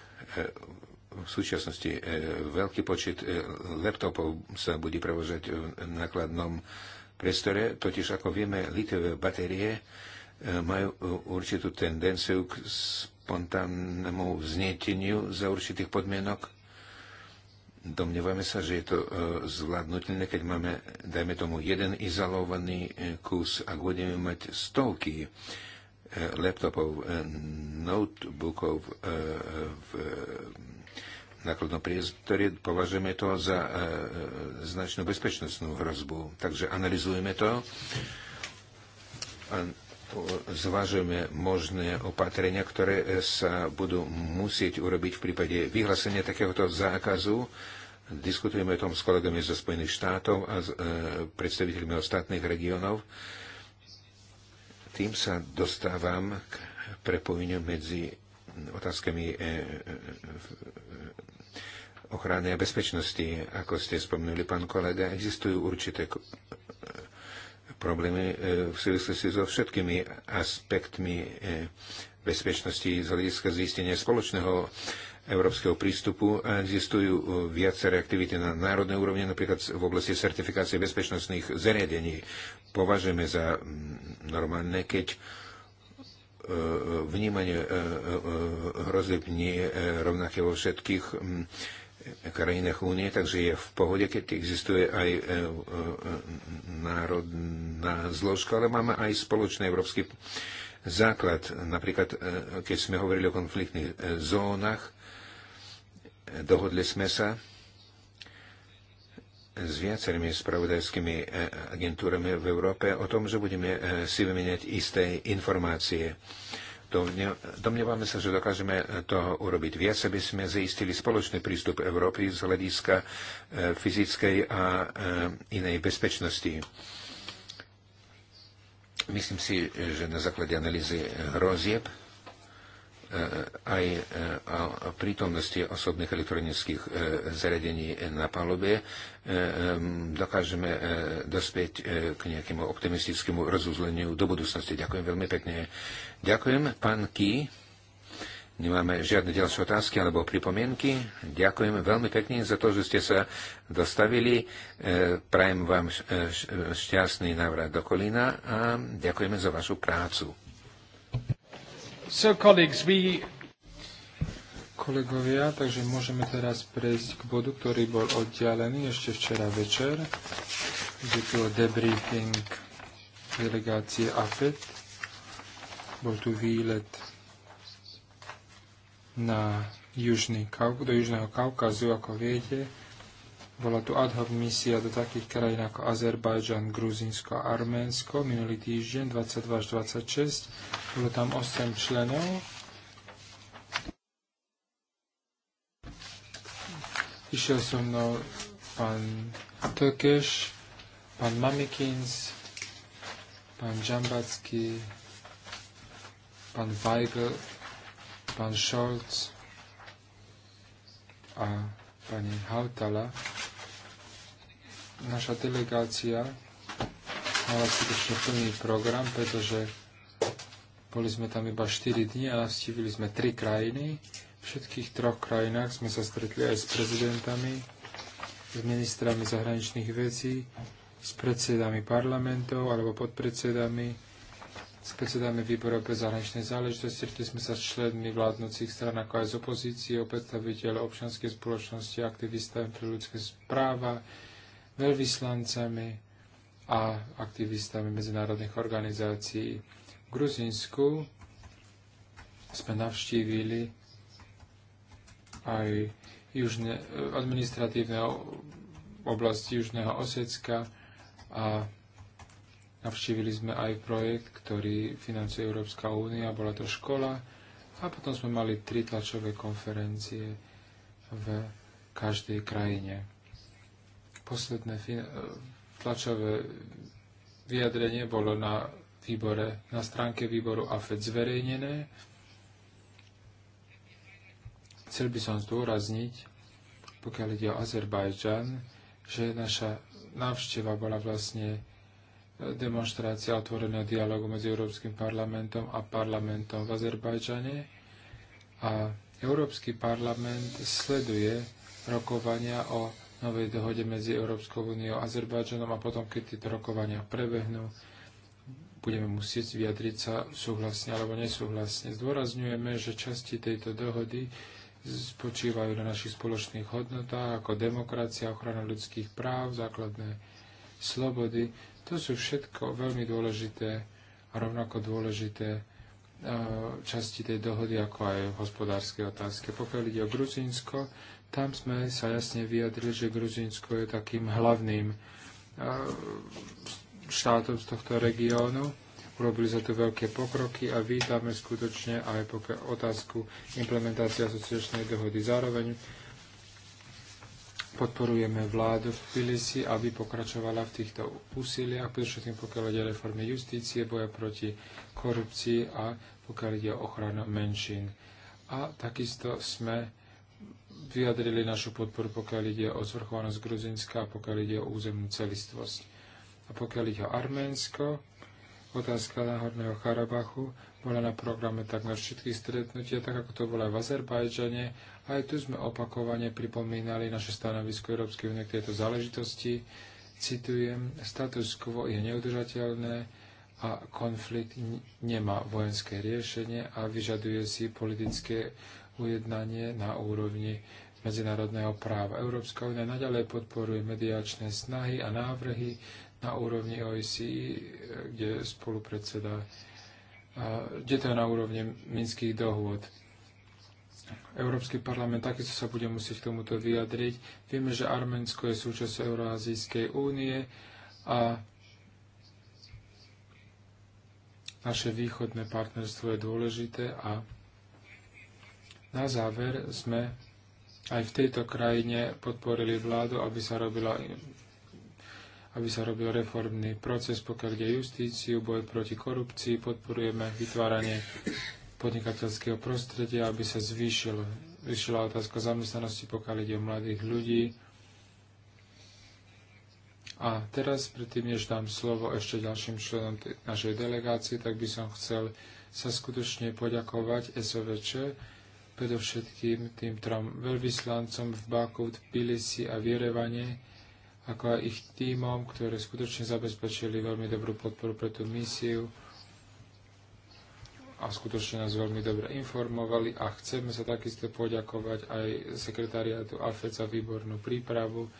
A: v súčasnosti veľký počet laptopov sa bude prevožať v nákladnom priestore, totiž ako vieme, litové batérie majú určitú tendenciu k spontánnemu vznieteniu za určitých podmienok Domnievame sa, že je to e, zvládnutelné, keď máme, dajme tomu, jeden izolovaný e, kus, ak budeme mať stovky e, laptopov, notebookov v nákladnom priestore, považujeme to za značnú bezpečnostnú hrozbu. Takže analizujeme to a zvažujeme možné opatrenia, ktoré sa budú musieť urobiť v prípade vyhlásenia takéhoto zákazu Diskutujeme o tom s kolegami zo Spojených štátov a s e, predstaviteľmi ostatných regiónov. Tým sa dostávam k prepojeniu medzi otázkami e, e, ochrany a bezpečnosti. Ako ste spomenuli, pán kolega, existujú určité problémy v súvislosti so všetkými aspektmi bezpečnosti z hľadiska zistenia spoločného európskeho prístupu. Existujú e, viaceré aktivity na národnej úrovni, napríklad v oblasti certifikácie bezpečnostných zariadení. Považujeme za normálne, keď e, e, vnímanie hrozieb nie je rovnaké vo všetkých krajinách únie, takže je v pohode, keď existuje aj národná zložka, ale máme aj spoločný európsky základ. Napríklad, keď sme hovorili o konfliktných zónach, Dohodli sme sa s viacerými spravodajskými eh, agentúrami v Európe o tom, že budeme eh, si vymeniať isté informácie. Domnievame sa, že dokážeme eh, toho urobiť viac, aby sme zaistili spoločný prístup Európy z hľadiska fyzickej a inej bezpečnosti. Myslím si, že na základe analýzy hrozieb Eh, aj o eh, prítomnosti osobných elektronických eh, zariadení na palube dokážeme dospieť k nejakému optimistickému rozuzleniu do budúcnosti. Ďakujem veľmi pekne. Ďakujem, pán Ký. Nemáme žiadne ďalšie otázky alebo pripomienky. Ďakujem veľmi pekne za to, že ste sa dostavili. Prajem vám šťastný návrat do Kolína a ďakujeme za vašu prácu.
B: So, colleagues, we... Kolegovia, takže môžeme teraz prejsť k bodu, ktorý bol oddialený ešte včera večer. Je tu debriefing delegácie AFED. Bol tu výlet na Južný, do Južného Kaukazu, ako viete. Bola tu ad hoc misia do takých krajín ako Azerbajdžan, Gruzinsko a Arménsko minulý týždeň 22 až 26. Bolo tam 8 členov. Išiel so mnou pán Tokeš, pán Mamikins, pán Džambacký, pán Weigl, pán Scholz a pani Hautala. Naša delegácia mala skutočne plný program, pretože boli sme tam iba 4 dní a navštívili sme 3 krajiny. V všetkých troch krajinách sme sa stretli aj s prezidentami, s ministrami zahraničných vecí, s predsedami parlamentov alebo podpredsedami s predsedami výborov pre zahraničné záležitosti, stretli sme sa s členmi vládnúcich stran, ako aj z opozície, predstaviteľ občianskej spoločnosti, aktivistami pre ľudské práva, veľvyslancami a aktivistami medzinárodných organizácií. V Gruzinsku sme navštívili aj južne, administratívne oblasti Južného Osecka a Navštívili sme aj projekt, ktorý financuje Európska únia, bola to škola a potom sme mali tri tlačové konferencie v každej krajine. Posledné tlačové vyjadrenie bolo na výbore, na stránke výboru AFED zverejnené. Chcel by som zdôrazniť, pokiaľ ide o Azerbajdžan, že naša návšteva bola vlastne demonstrácia otvoreného dialogu medzi Európskym parlamentom a parlamentom v Azerbajdžane A Európsky parlament sleduje rokovania o novej dohode medzi Európskou úniou a Azerbajdžanom a potom, keď tieto rokovania prebehnú, budeme musieť vyjadriť sa súhlasne alebo nesúhlasne. Zdôrazňujeme, že časti tejto dohody spočívajú na našich spoločných hodnotách ako demokracia, ochrana ľudských práv, základné slobody, to sú všetko veľmi dôležité a rovnako dôležité e, časti tej dohody, ako aj v hospodárskej otázke. Pokiaľ ide o Gruzínsko, tam sme sa jasne vyjadrili, že Gruzínsko je takým hlavným e, štátom z tohto regiónu. Urobili sa tu veľké pokroky a vítame skutočne aj pokiaľ otázku implementácie asociačnej dohody. Zároveň Podporujeme vládu v Pilisi, aby pokračovala v týchto úsiliach, predovšetkým pokiaľ ide o reformy justície, boja proti korupcii a pokiaľ ide o ochranu menšín. A takisto sme vyjadrili našu podporu, pokiaľ ide o zvrchovanosť Gruzinska a pokiaľ ide o územnú celistvosť. A pokiaľ ide o Arménsko, otázka Náhorného Karabachu bola na programe takmer všetkých stretnutí, tak ako to bolo aj v Azerbajdžane aj tu sme opakovane pripomínali naše stanovisko Európskej únie k tejto záležitosti. Citujem, status quo je neudržateľné a konflikt nemá vojenské riešenie a vyžaduje si politické ujednanie na úrovni medzinárodného práva. Európska únia naďalej podporuje mediačné snahy a návrhy na úrovni OEC, kde spolupredseda, kde to je na úrovni minských dohôd Európsky parlament takisto sa bude musieť k tomuto vyjadriť. Vieme, že Arménsko je súčasť Euroazijskej únie a naše východné partnerstvo je dôležité a na záver sme aj v tejto krajine podporili vládu, aby sa robila aby sa robil reformný proces, pokiaľ ide justíciu, boj proti korupcii, podporujeme vytváranie podnikateľského prostredia, aby sa zvýšil, zvýšila otázka zamestnanosti, pokiaľ ide o mladých ľudí. A teraz, predtým, než dám slovo ešte ďalším členom našej delegácie, tak by som chcel sa skutočne poďakovať SOVČ, predovšetkým tým trom veľvyslancom v Baku, Tbilisi a Vierevane, ako aj ich týmom, ktoré skutočne zabezpečili veľmi dobrú podporu pre tú misiu a skutočne nás veľmi dobre informovali a chceme sa takisto poďakovať aj sekretariátu AFED za výbornú prípravu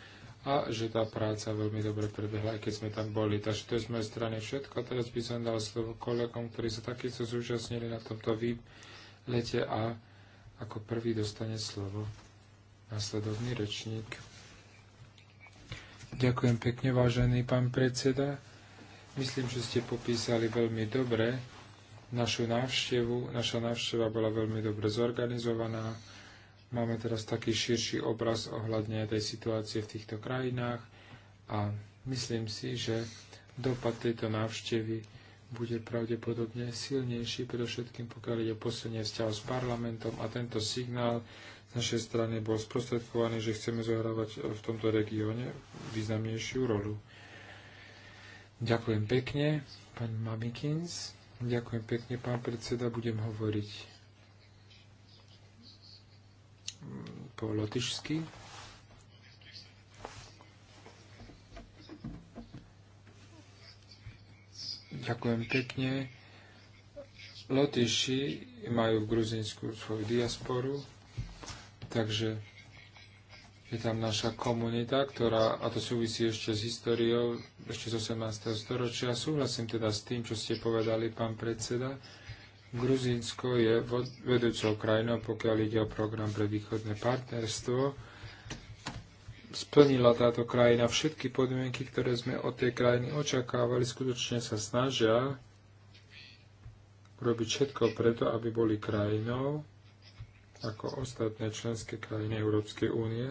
B: a že tá práca veľmi dobre prebehla, aj keď sme tam boli. Takže to je z mojej strany všetko. Teraz by som dal slovo kolegom, ktorí sa takisto zúčastnili na tomto výlete a ako prvý dostane slovo nasledovný rečník. Ďakujem pekne, vážený pán predseda. Myslím, že ste popísali veľmi dobre našu návštevu. Naša návšteva bola veľmi dobre zorganizovaná. Máme teraz taký širší obraz ohľadne tej situácie v týchto krajinách a myslím si, že dopad tejto návštevy bude pravdepodobne silnejší, predovšetkým pokiaľ ide o posilnenie vzťahov s parlamentom a tento signál z našej strany bol sprostredkovaný, že chceme zohrávať v tomto regióne významnejšiu rolu. Ďakujem pekne, pani Mamikins. Ďakujem pekne, pán predseda. Budem hovoriť po lotyšsky. Ďakujem pekne. Lotyši majú v Gruzinsku svoju diasporu, takže je tam naša komunita, ktorá, a to súvisí ešte s históriou ešte z 18. storočia. Súhlasím teda s tým, čo ste povedali, pán predseda. Gruzínsko je vedúcou krajinou, pokiaľ ide o program pre východné partnerstvo. Splnila táto krajina všetky podmienky, ktoré sme od tej krajiny očakávali. Skutočne sa snažia robiť všetko preto, aby boli krajinou ako ostatné členské krajiny Európskej únie.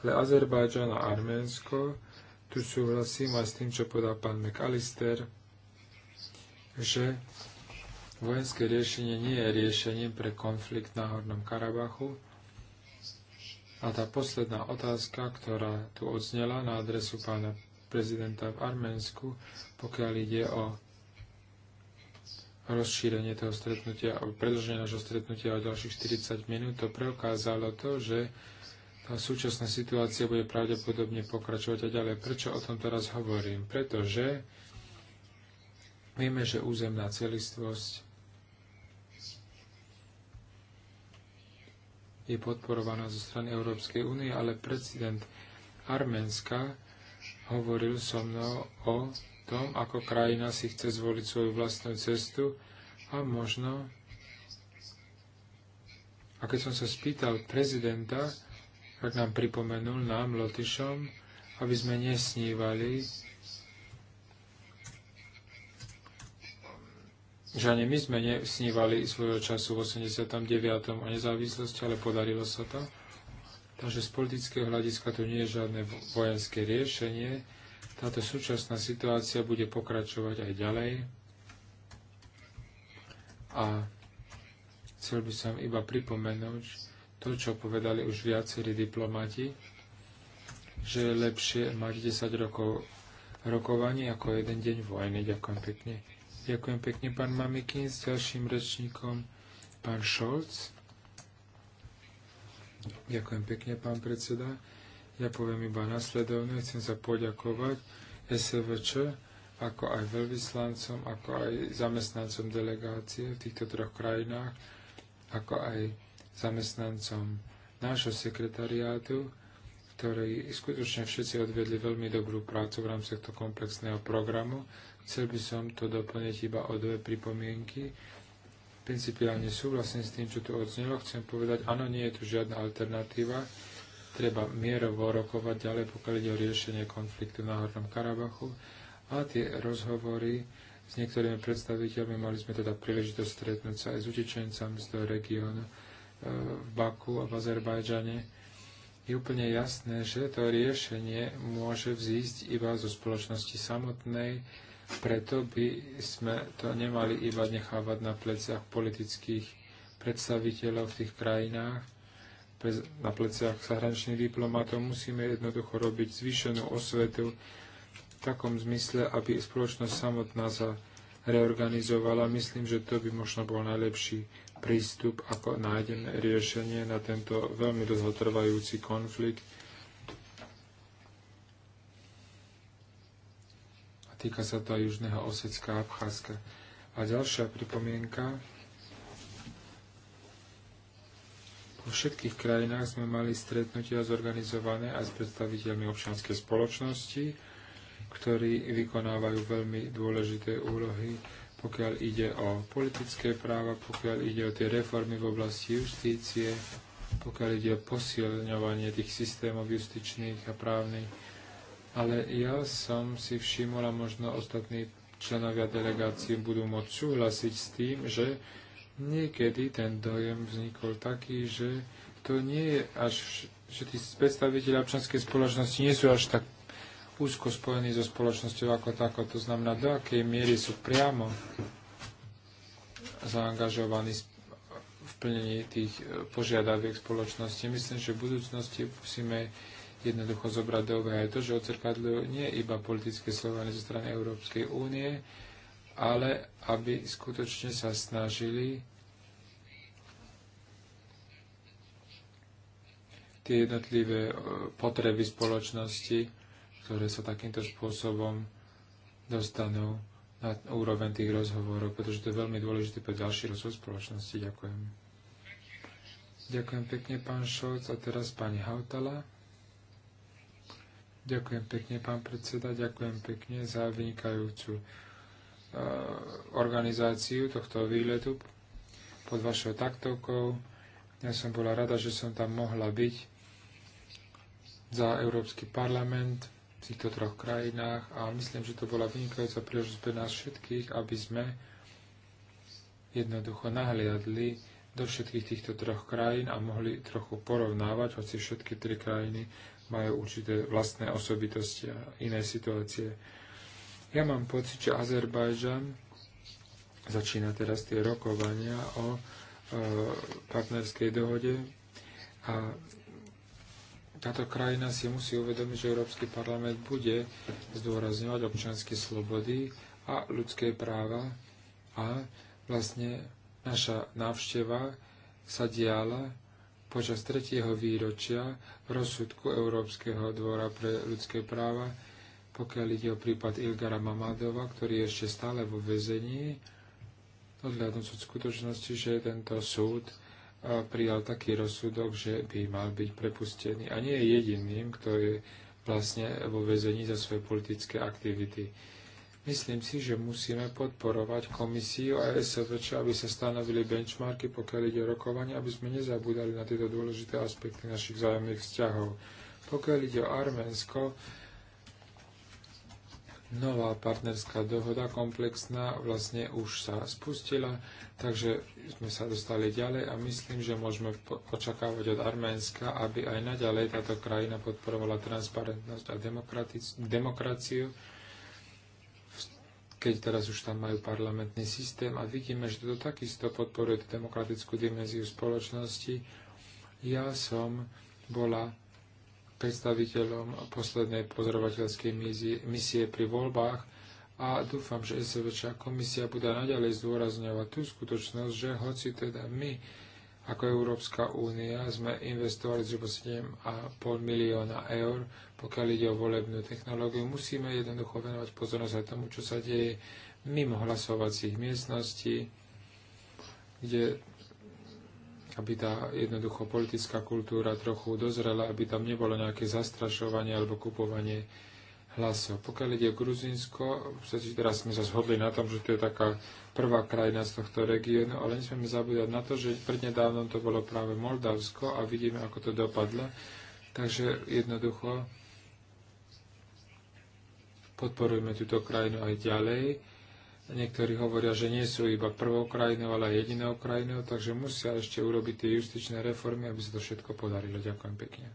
B: Ale Azerbajdžan a Arménsko tu súhlasím aj s tým, čo povedal pán McAllister, že vojenské riešenie nie je riešením pre konflikt na Hornom Karabachu. A tá posledná otázka, ktorá tu odznela na adresu pána prezidenta v Arménsku, pokiaľ ide o rozšírenie toho stretnutia, predlženie nášho stretnutia o ďalších 40 minút, to preukázalo to, že súčasná situácia bude pravdepodobne pokračovať a ďalej. Prečo o tom teraz hovorím? Pretože vieme, že územná celistvosť je podporovaná zo strany Európskej únie, ale prezident Arménska hovoril so mnou o tom, ako krajina si chce zvoliť svoju vlastnú cestu a možno a keď som sa spýtal prezidenta, tak nám pripomenul nám, Lotyšom, aby sme nesnívali, že ani my sme nesnívali svojho času v 89. o nezávislosti, ale podarilo sa to. Takže z politického hľadiska to nie je žiadne vojenské riešenie. Táto súčasná situácia bude pokračovať aj ďalej. A chcel by som iba pripomenúť, to, čo povedali už viacerí diplomati, že je lepšie mať 10 rokov rokovaní ako jeden deň vojny. Ďakujem pekne. Ďakujem pekne, pán Mamikin, s ďalším rečníkom, pán Šolc. Ďakujem pekne, pán predseda. Ja poviem iba nasledovne. Chcem sa poďakovať SVČ, ako aj veľvyslancom, ako aj zamestnancom delegácie v týchto troch krajinách, ako aj zamestnancom nášho sekretariátu, ktorí skutočne všetci odvedli veľmi dobrú prácu v rámci tohto komplexného programu. Chcel by som to doplniť iba o dve pripomienky. Principiálne súhlasím s tým, čo tu odznelo. Chcem povedať, áno, nie je tu žiadna alternatíva. Treba mierovo rokovať ďalej, pokiaľ ide o riešenie konfliktu na Hornom Karabachu. A tie rozhovory, s niektorými predstaviteľmi, mali sme teda príležitosť stretnúť sa aj s utečencami z toho regiónu v Baku a v Azerbajdžane, je úplne jasné, že to riešenie môže vzísť iba zo spoločnosti samotnej, preto by sme to nemali iba nechávať na pleciach politických predstaviteľov v tých krajinách, na pleciach zahraničných diplomatov. Musíme jednoducho robiť zvýšenú osvetu v takom zmysle, aby spoločnosť samotná sa reorganizovala. Myslím, že to by možno bol najlepší prístup, ako nájdeme riešenie na tento veľmi dlhotrvajúci konflikt. A týka sa to aj Južného Osecka a Abcházska. A ďalšia pripomienka. Po všetkých krajinách sme mali stretnutia zorganizované aj s predstaviteľmi občianskej spoločnosti, ktorí vykonávajú veľmi dôležité úlohy pokiaľ ide o politické práva, pokiaľ ide o tie reformy v oblasti justície, pokiaľ ide o posilňovanie tých systémov justičných a právnych. Ale ja som si všimol a možno ostatní členovia delegácie budú môcť súhlasiť s tým, že niekedy ten dojem vznikol taký, že to nie je až, že tí predstaviteľi občanskej spoločnosti nie sú až tak úzko spojení so spoločnosťou ako tako. To znamená, do akej miery sú priamo zaangažovaní v plnení tých e, požiadaviek spoločnosti. Myslím, že v budúcnosti musíme jednoducho zobrať do aj to, že odzrkadľujú nie iba politické slovanie zo strany Európskej únie, ale aby skutočne sa snažili tie jednotlivé e, potreby spoločnosti ktoré sa takýmto spôsobom dostanú na úroveň tých rozhovorov, pretože to je veľmi dôležité pre ďalší rozvoj spoločnosti. Ďakujem. Ďakujem pekne, pán Šolc. A teraz pani Hautala. Ďakujem pekne, pán predseda. Ďakujem pekne za vynikajúcu e, organizáciu tohto výletu pod vašou taktovkou. Ja som bola rada, že som tam mohla byť za Európsky parlament. V týchto troch krajinách a myslím, že to bola vynikajúca príležitosť pre nás všetkých, aby sme jednoducho nahliadli do všetkých týchto troch krajín a mohli trochu porovnávať, hoci všetky tri krajiny majú určité vlastné osobitosti a iné situácie. Ja mám pocit, že Azerbajžan začína teraz tie rokovania o e, partnerskej dohode a táto krajina si musí uvedomiť, že Európsky parlament bude zdôrazňovať občianske slobody a ľudské práva a vlastne naša návšteva sa diala počas tretieho výročia rozsudku Európskeho dvora pre ľudské práva, pokiaľ ide o prípad Ilgara Mamadova, ktorý je ešte stále vo vezení, odhľadnúť od skutočnosti, že tento súd prijal taký rozsudok, že by mal byť prepustený. A nie je jediným, kto je vlastne vo väzení za svoje politické aktivity. Myslím si, že musíme podporovať komisiu a SVČ, aby sa stanovili benchmarky, pokiaľ ide o rokovanie, aby sme nezabúdali na tieto dôležité aspekty našich vzájomných vzťahov. Pokiaľ ide o Arménsko, nová partnerská dohoda komplexná vlastne už sa spustila, takže sme sa dostali ďalej a myslím, že môžeme očakávať od Arménska, aby aj naďalej táto krajina podporovala transparentnosť a demokraciu, keď teraz už tam majú parlamentný systém a vidíme, že to takisto podporuje tú demokratickú dimenziu spoločnosti. Ja som bola predstaviteľom poslednej pozorovateľskej misie pri voľbách a dúfam, že SVČ komisia bude naďalej zdôrazňovať tú skutočnosť, že hoci teda my ako Európska únia sme investovali zhruba 7,5 milióna eur, pokiaľ ide o volebnú technológiu, musíme jednoducho venovať pozornosť aj tomu, čo sa deje mimo hlasovacích miestností, kde aby tá jednoducho politická kultúra trochu dozrela, aby tam nebolo nejaké zastrašovanie alebo kupovanie hlasov. Pokiaľ ide o Gruzinsko, teraz sme sa zhodli na tom, že to je taká prvá krajina z tohto regiónu, ale nesmieme zabúdať na to, že prednedávnom to bolo práve Moldavsko a vidíme, ako to dopadlo. Takže jednoducho podporujme túto krajinu aj ďalej Niektorí hovoria, že nie sú iba prvou krajinou, ale aj jedinou krajinou, takže musia ešte urobiť tie justičné reformy, aby sa to všetko podarilo. Ďakujem pekne.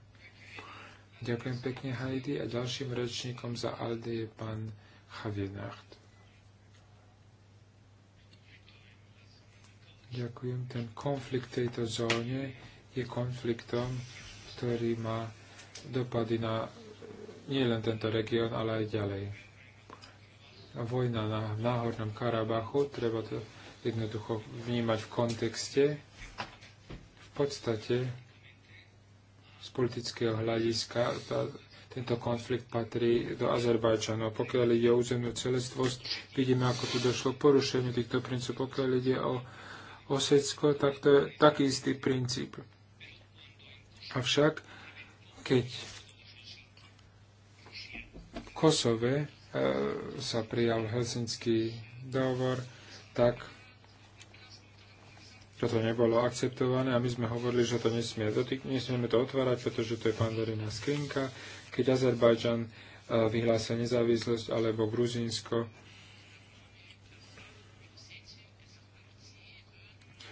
B: Ďakujem pekne Heidi a ďalším rečníkom za Aldi je pán Javier Nacht. Ďakujem. Ten konflikt v tejto zóne je konfliktom, ktorý má dopady na nielen tento región, ale aj ďalej vojna na Náhornom Karabachu, treba to jednoducho vnímať v kontexte. V podstate z politického hľadiska tá, tento konflikt patrí do Azerbajčanu. Pokiaľ ide o územnú celestvosť, vidíme, ako tu došlo k porušeniu týchto princípov. Pokiaľ ide o Osecko, tak to je taký istý princíp. Avšak, keď v Kosove E, sa prijal Helsinský dohovor, tak toto nebolo akceptované a my sme hovorili, že to nesmie dotyk, nesmieme to otvárať, pretože to je pandorina skrinka. Keď Azerbajdžan e, vyhlásil nezávislosť alebo Gruzínsko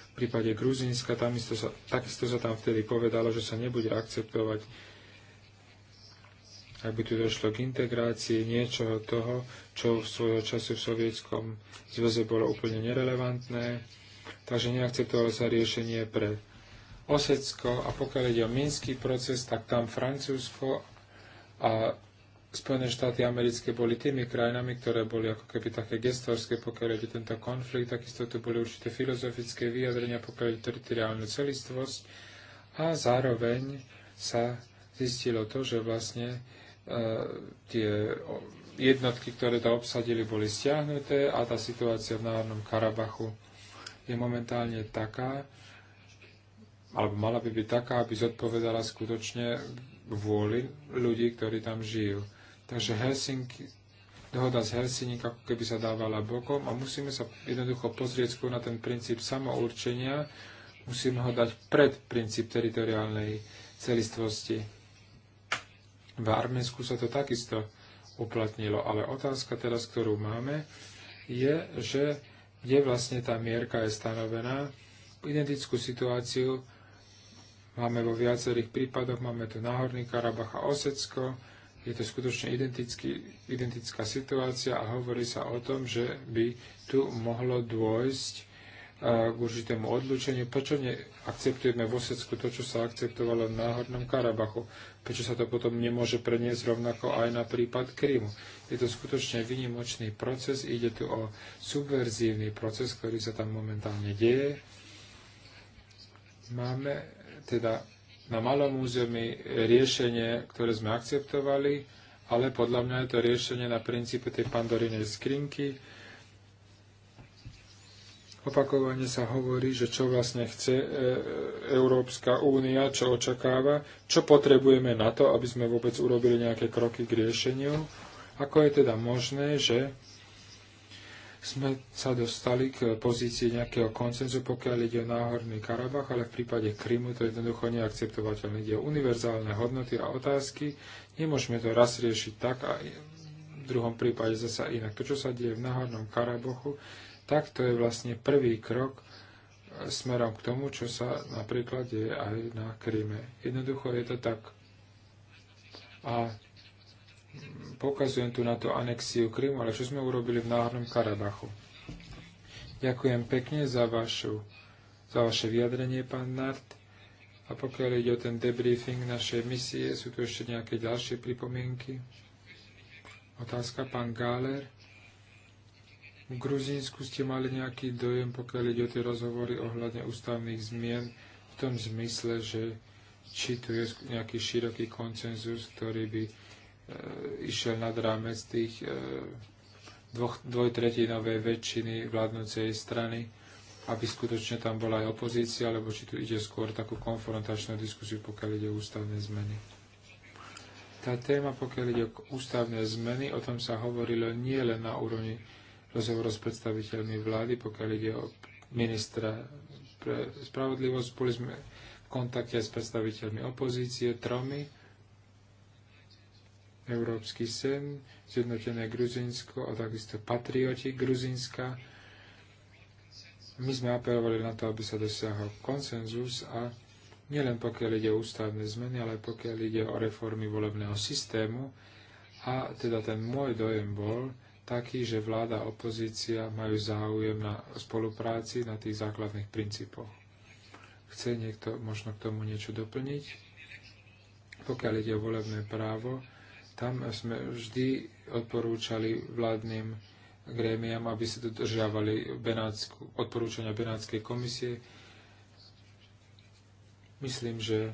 B: v prípade Gruzínska takisto sa, takisto sa tam vtedy povedalo, že sa nebude akceptovať aby tu došlo k integrácii niečoho toho, čo v svojho času v Sovietskom zväze bolo úplne nerelevantné. Takže neakceptovalo sa riešenie pre Osecko a pokiaľ ide o minský proces, tak tam Francúzsko a Spojené štáty americké boli tými krajinami, ktoré boli ako keby také gestorské, pokiaľ ide tento konflikt, takisto tu boli určité filozofické vyjadrenia, pokiaľ ide teritoriálnu celistvosť a zároveň sa zistilo to, že vlastne Eh, tie jednotky, ktoré tam obsadili, boli stiahnuté a tá situácia v Národnom Karabachu je momentálne taká, alebo mala by byť taká, aby zodpovedala skutočne vôli ľudí, ktorí tam žijú. Takže Helsinki, dohoda z Helsinik ako keby sa dávala bokom a musíme sa jednoducho pozrieť skôr na ten princíp samourčenia, musíme ho dať pred princíp teritoriálnej celistvosti. V Arménsku sa to takisto uplatnilo. Ale otázka teraz, ktorú máme, je, že kde vlastne tá mierka je stanovená. Identickú situáciu máme vo viacerých prípadoch. Máme tu Náhorný Karabach a Osecko. Je to skutočne identický, identická situácia a hovorí sa o tom, že by tu mohlo dôjsť k určitému odlúčeniu. Prečo neakceptujeme v Osecku to, čo sa akceptovalo v Náhornom Karabachu? Prečo sa to potom nemôže preniesť rovnako aj na prípad Krymu? Je to skutočne vynimočný proces, ide tu o subverzívny proces, ktorý sa tam momentálne deje. Máme teda na malom území riešenie, ktoré sme akceptovali, ale podľa mňa je to riešenie na princípe tej pandorinej skrinky, Opakovane sa hovorí, že čo vlastne chce e, Európska únia, čo očakáva, čo potrebujeme na to, aby sme vôbec urobili nejaké kroky k riešeniu. Ako je teda možné, že sme sa dostali k pozícii nejakého koncenzu, pokiaľ ide o náhorný Karabach, ale v prípade Krymu to je jednoducho neakceptovateľné. Ide o univerzálne hodnoty a otázky. Nemôžeme to raz riešiť tak a v druhom prípade zasa inak. To, čo sa deje v náhornom Karabochu, tak to je vlastne prvý krok e, smerom k tomu, čo sa napríklad deje aj na Kríme. Jednoducho je to tak. A pokazujem tu na to anexiu Krymu, ale čo sme urobili v Náhornom Karabachu. Ďakujem pekne za, vašu, za vaše vyjadrenie, pán Nart. A pokiaľ ide o ten debriefing našej misie, sú tu ešte nejaké ďalšie pripomienky? Otázka, pán Gáler. V Gruzínsku ste mali nejaký dojem, pokiaľ ide o tie rozhovory ohľadne ústavných zmien, v tom zmysle, že či tu je nejaký široký koncenzus, ktorý by e, išiel nad rámec tých e, dvoch, dvojtretinovej väčšiny vládnúcej strany, aby skutočne tam bola aj opozícia, alebo či tu ide skôr takú konfrontačnú diskusiu, pokiaľ ide o ústavné zmeny. Tá téma, pokiaľ ide o ústavné zmeny, o tom sa hovorilo nie len na úrovni Rozhovor s predstaviteľmi vlády, pokiaľ ide o ministra pre spravodlivosť. Boli sme v kontakte s predstaviteľmi opozície, tromi, Európsky sen, Zjednotené Gruzinsko a takisto Patrioti Gruzinska. My sme apelovali na to, aby sa dosiahol konsenzus a nielen pokiaľ ide o ústavné zmeny, ale pokiaľ ide o reformy volebného systému. A teda ten môj dojem bol, taký, že vláda a opozícia majú záujem na spolupráci na tých základných princípoch. Chce niekto možno k tomu niečo doplniť? Pokiaľ ide o volebné právo, tam sme vždy odporúčali vládnym grémiam, aby sa dodržiavali odporúčania Benátskej komisie. Myslím, že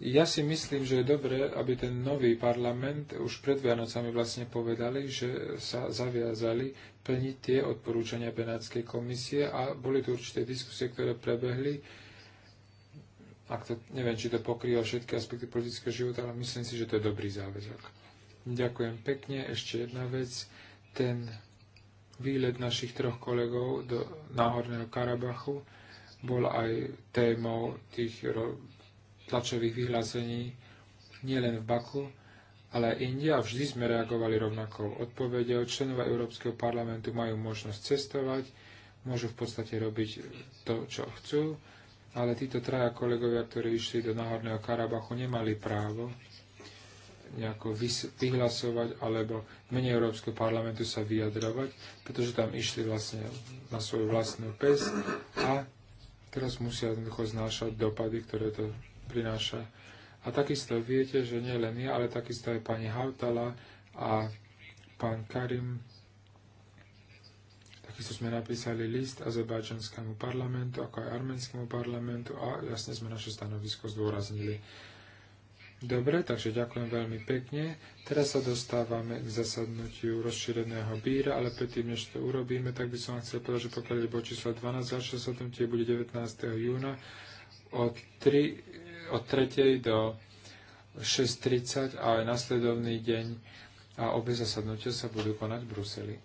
B: Ja si myslím, že je dobré, aby ten nový parlament už pred Vianocami vlastne povedali, že sa zaviazali plniť tie odporúčania Benátskej komisie a boli tu určité diskusie, ktoré prebehli. Ak to, neviem, či to pokrýva všetky aspekty politického života, ale myslím si, že to je dobrý záväzok. Ďakujem pekne. Ešte jedna vec. Ten výlet našich troch kolegov do Náhorného Karabachu bol aj témou tých tlačových vyhlásení nielen v Baku, ale aj India vždy sme reagovali rovnakou odpovedou. Členova Európskeho parlamentu majú možnosť cestovať, môžu v podstate robiť to, čo chcú, ale títo traja kolegovia, ktorí išli do Náhorného Karabachu, nemali právo nejako vyhlasovať alebo menej Európskeho parlamentu sa vyjadrovať, pretože tam išli vlastne na svoju vlastnú pes a teraz musia jednoducho znášať dopady, ktoré to prináša. A takisto viete, že nie len ja, ale takisto aj pani Hautala a pán Karim. Takisto sme napísali list azerbajdžanskému parlamentu, ako aj arménskému parlamentu a jasne sme naše stanovisko zdôraznili. Dobre, takže ďakujem veľmi pekne. Teraz sa dostávame k zasadnutiu rozšíreného bíra, ale predtým, než to urobíme, tak by som vám chcel povedať, že pokiaľ je bol číslo 12, ďalšie zasadnutie bude 19. júna od 3 od 3. do 6.30 a aj nasledovný deň a obe zasadnutia sa budú konať v Bruseli.